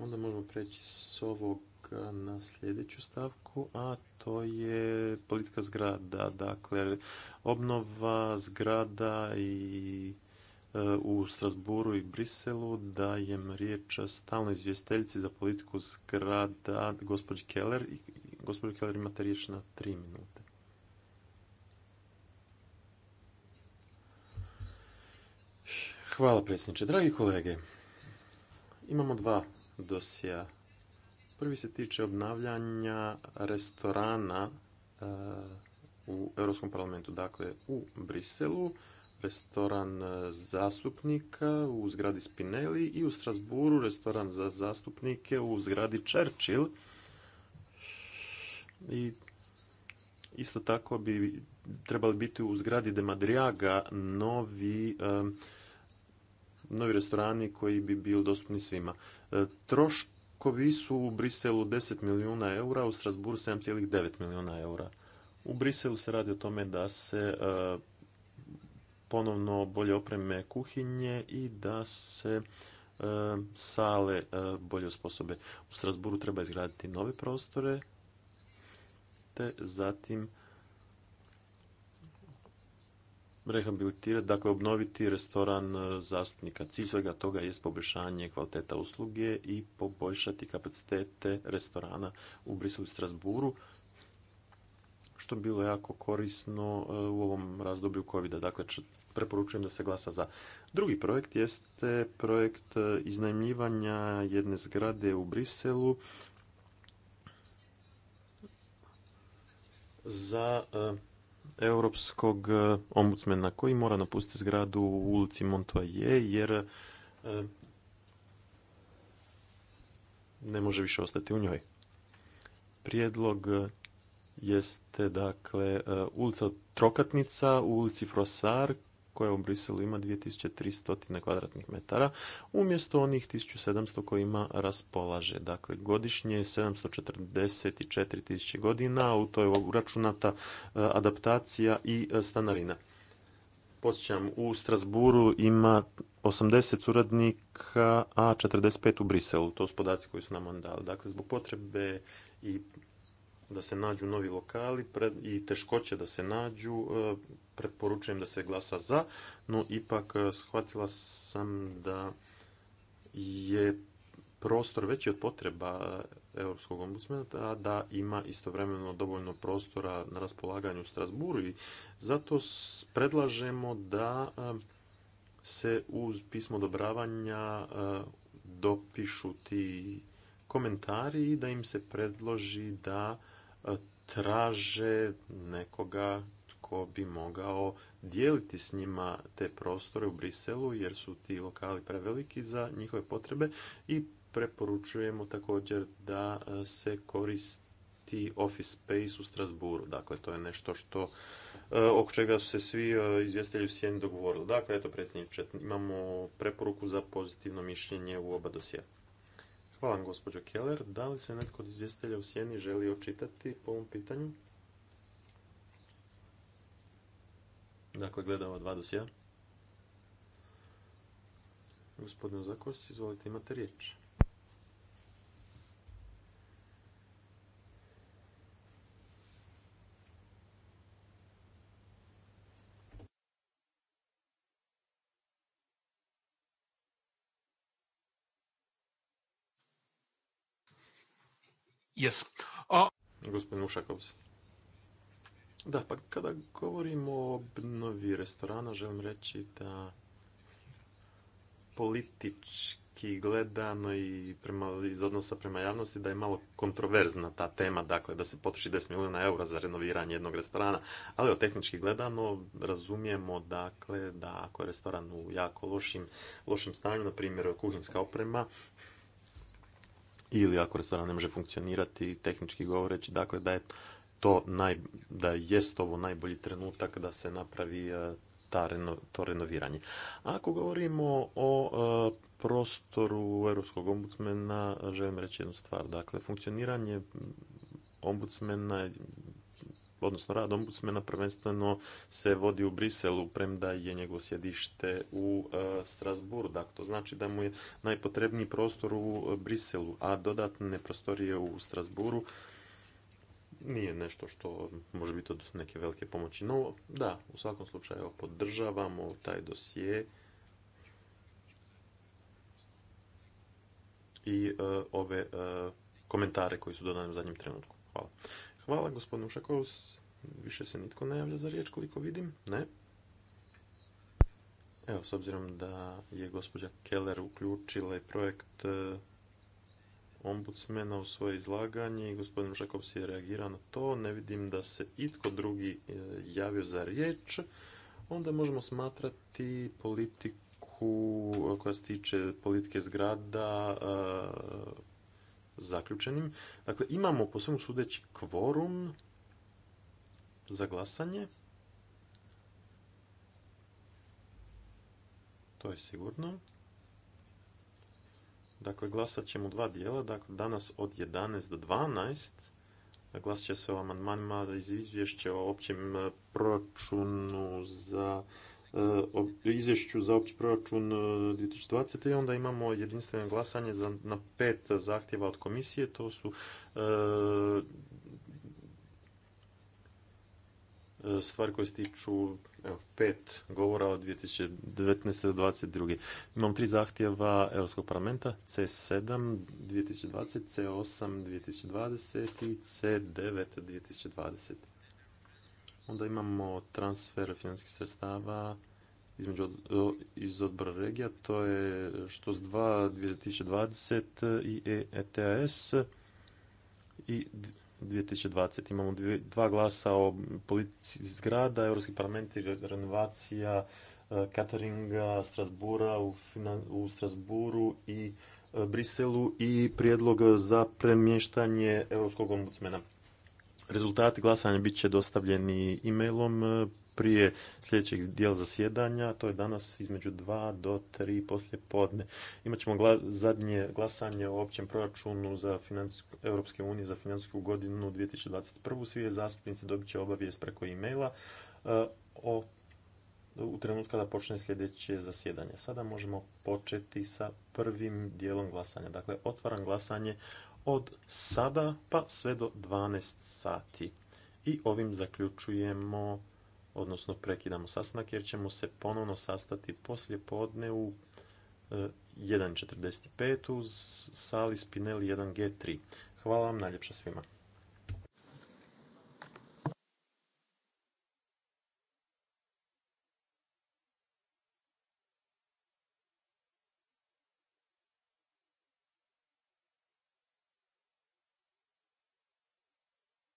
Onda možemo preći s ovog na sljedeću stavku, a to je politika zgrada. Dakle, obnova zgrada i e, u Strasburu i Briselu dajem riječ stalnoj izvjestiteljici za politiku zgrada gospođi Keller. Gospođo Keller, imate riječ na tri minute. Hvala predsjedniče. Dragi kolege, imamo dva dosija. Prvi se tiče obnavljanja restorana e, u Europskom parlamentu, dakle u Briselu, restoran e, zastupnika u zgradi Spinelli i u Strasburu restoran za zastupnike u zgradi Churchill. I isto tako bi trebali biti u zgradi de Madriaga novi e, novi restorani koji bi bili dostupni svima. E, troškovi su u Briselu 10 milijuna eura, u Strasburu 7,9 milijuna eura. U Briselu se radi o tome da se e, ponovno bolje opreme kuhinje i da se e, sale bolje osposobe. U Strasburu treba izgraditi nove prostore, te zatim rehabilitirati, dakle obnoviti restoran e, zastupnika. Cilj svega toga je poboljšanje kvaliteta usluge i poboljšati kapacitete restorana u Briselu i Strasburu, što je bilo jako korisno e, u ovom razdoblju covid -a. Dakle, preporučujem da se glasa za. Drugi projekt jeste projekt e, iznajmljivanja jedne zgrade u Briselu za europskog e, ombudsmena koji mora napustiti zgradu u ulici Montoyer jer e, ne može više ostati u njoj. Prijedlog jeste dakle e, ulica Trokatnica u ulici Frosar koja u Briselu ima 2300 kvadratnih metara umjesto onih 1700 kojima raspolaže. Dakle, godišnje je 744.000 godina, u to je uračunata e, adaptacija i e, stanarina. Posjećam, u Strasburu ima 80 suradnika, a 45 u Briselu. To su podaci koji su nam on dali. Dakle, zbog potrebe i da se nađu novi lokali i teškoće da se nađu, e, preporučujem da se glasa za, no ipak e, shvatila sam da je prostor veći od potreba e, Europskog ombudsmana da ima istovremeno dovoljno prostora na raspolaganju u Strasburu i zato predlažemo da se uz pismo odobravanja dopišu ti komentari i da im se predloži da traže nekoga tko bi mogao dijeliti s njima te prostore u Briselu jer su ti lokali preveliki za njihove potrebe i preporučujemo također da e, se koristi office space u Strasburu. Dakle, to je nešto što e, oko čega su se svi e, izvjestitelji u Sjeni dogovorili. Dakle, eto predsjedniče, imamo preporuku za pozitivno mišljenje u oba dosjeta. Hvala vam, gospođo Keller. Da li se netko od izvjestitelja u Sjeni želi očitati po ovom pitanju? Dakle, gleda ova dva dosija. Gospodin Zakos, izvolite, imate riječ. Yes. A... Gospodin Da, pa kada govorimo o obnovi restorana, želim reći da politički gledano i prema, iz odnosa prema javnosti da je malo kontroverzna ta tema, dakle da se potroši 10 milijuna eura za renoviranje jednog restorana, ali o tehnički gledano razumijemo dakle da ako je restoran u jako lošim, lošim stanju, na primjer kuhinska oprema, ili ako restoran ne može funkcionirati tehnički govoreći, dakle da je to naj, da jest ovo najbolji trenutak da se napravi e, to renoviranje. ako govorimo o e, prostoru Europskog ombudsmena, želim reći jednu stvar. Dakle, funkcioniranje ombudsmena odnosno rad ombudsmena prvenstveno se vodi u Briselu, premda je njegovo sjedište u e, Strasburu. Dakle, to znači da mu je najpotrebniji prostor u e, Briselu, a dodatne prostorije u Strasburu nije nešto što može biti od neke velike pomoći. No, da, u svakom slučaju podržavamo taj dosije i e, ove komentare koji su dodane u zadnjem trenutku. Hvala. Hvala, gospodin Ušakovs. Više se nitko ne javlja za riječ koliko vidim. Ne. Evo, s obzirom da je gospođa Keller uključila projekt e, ombudsmena u svoje izlaganje i gospodin Ušakovs je reagirao na to. Ne vidim da se itko drugi e, javio za riječ. Onda možemo smatrati politiku koja se tiče politike zgrada e, zaključenim. Dakle, imamo po svemu sudeći kvorum za glasanje. To je sigurno. Dakle, glasat ćemo dva dijela. Dakle, danas od 11 do 12 glasat će se o amandmanima iz izvješće o općem e, proračunu za E, izvješću za opći proračun 2020. E, i onda imamo jedinstveno glasanje za, na pet zahtjeva od komisije. To su e, stvari koje stiču evo, pet govora od 2019. do 2022. Imamo tri zahtjeva Europskog parlamenta, C7 2020, C8 2020 i C9 2020. Onda imamo transfer financijskih sredstava između, iz odbora regija, to je što s 2 2020 i etas e i 2020. Imamo dva glasa o politici zgrada, Europski parlament i renovacija Kateringa, e, Strasbura u, u Strasburu i e, Briselu i prijedlog za premještanje Europskog ombudsmena. Rezultati glasanja bit će dostavljeni e-mailom e, prije sljedećeg dijela zasjedanja, to je danas između dva do tri poslije podne. Imaćemo zadnje glasanje o općem proračunu za Europske unije za financijsku godinu 2021. Svi zastupnice zastupnici dobit će obavijest preko e-maila e, u trenutku kada počne sljedeće zasjedanje. Sada možemo početi sa prvim dijelom glasanja. Dakle, otvaram glasanje od sada pa sve do 12 sati. I ovim zaključujemo, odnosno prekidamo sastanak jer ćemo se ponovno sastati poslje podne u 1.45 e, u sali Spinelli 1G3. Hvala vam najljepša svima.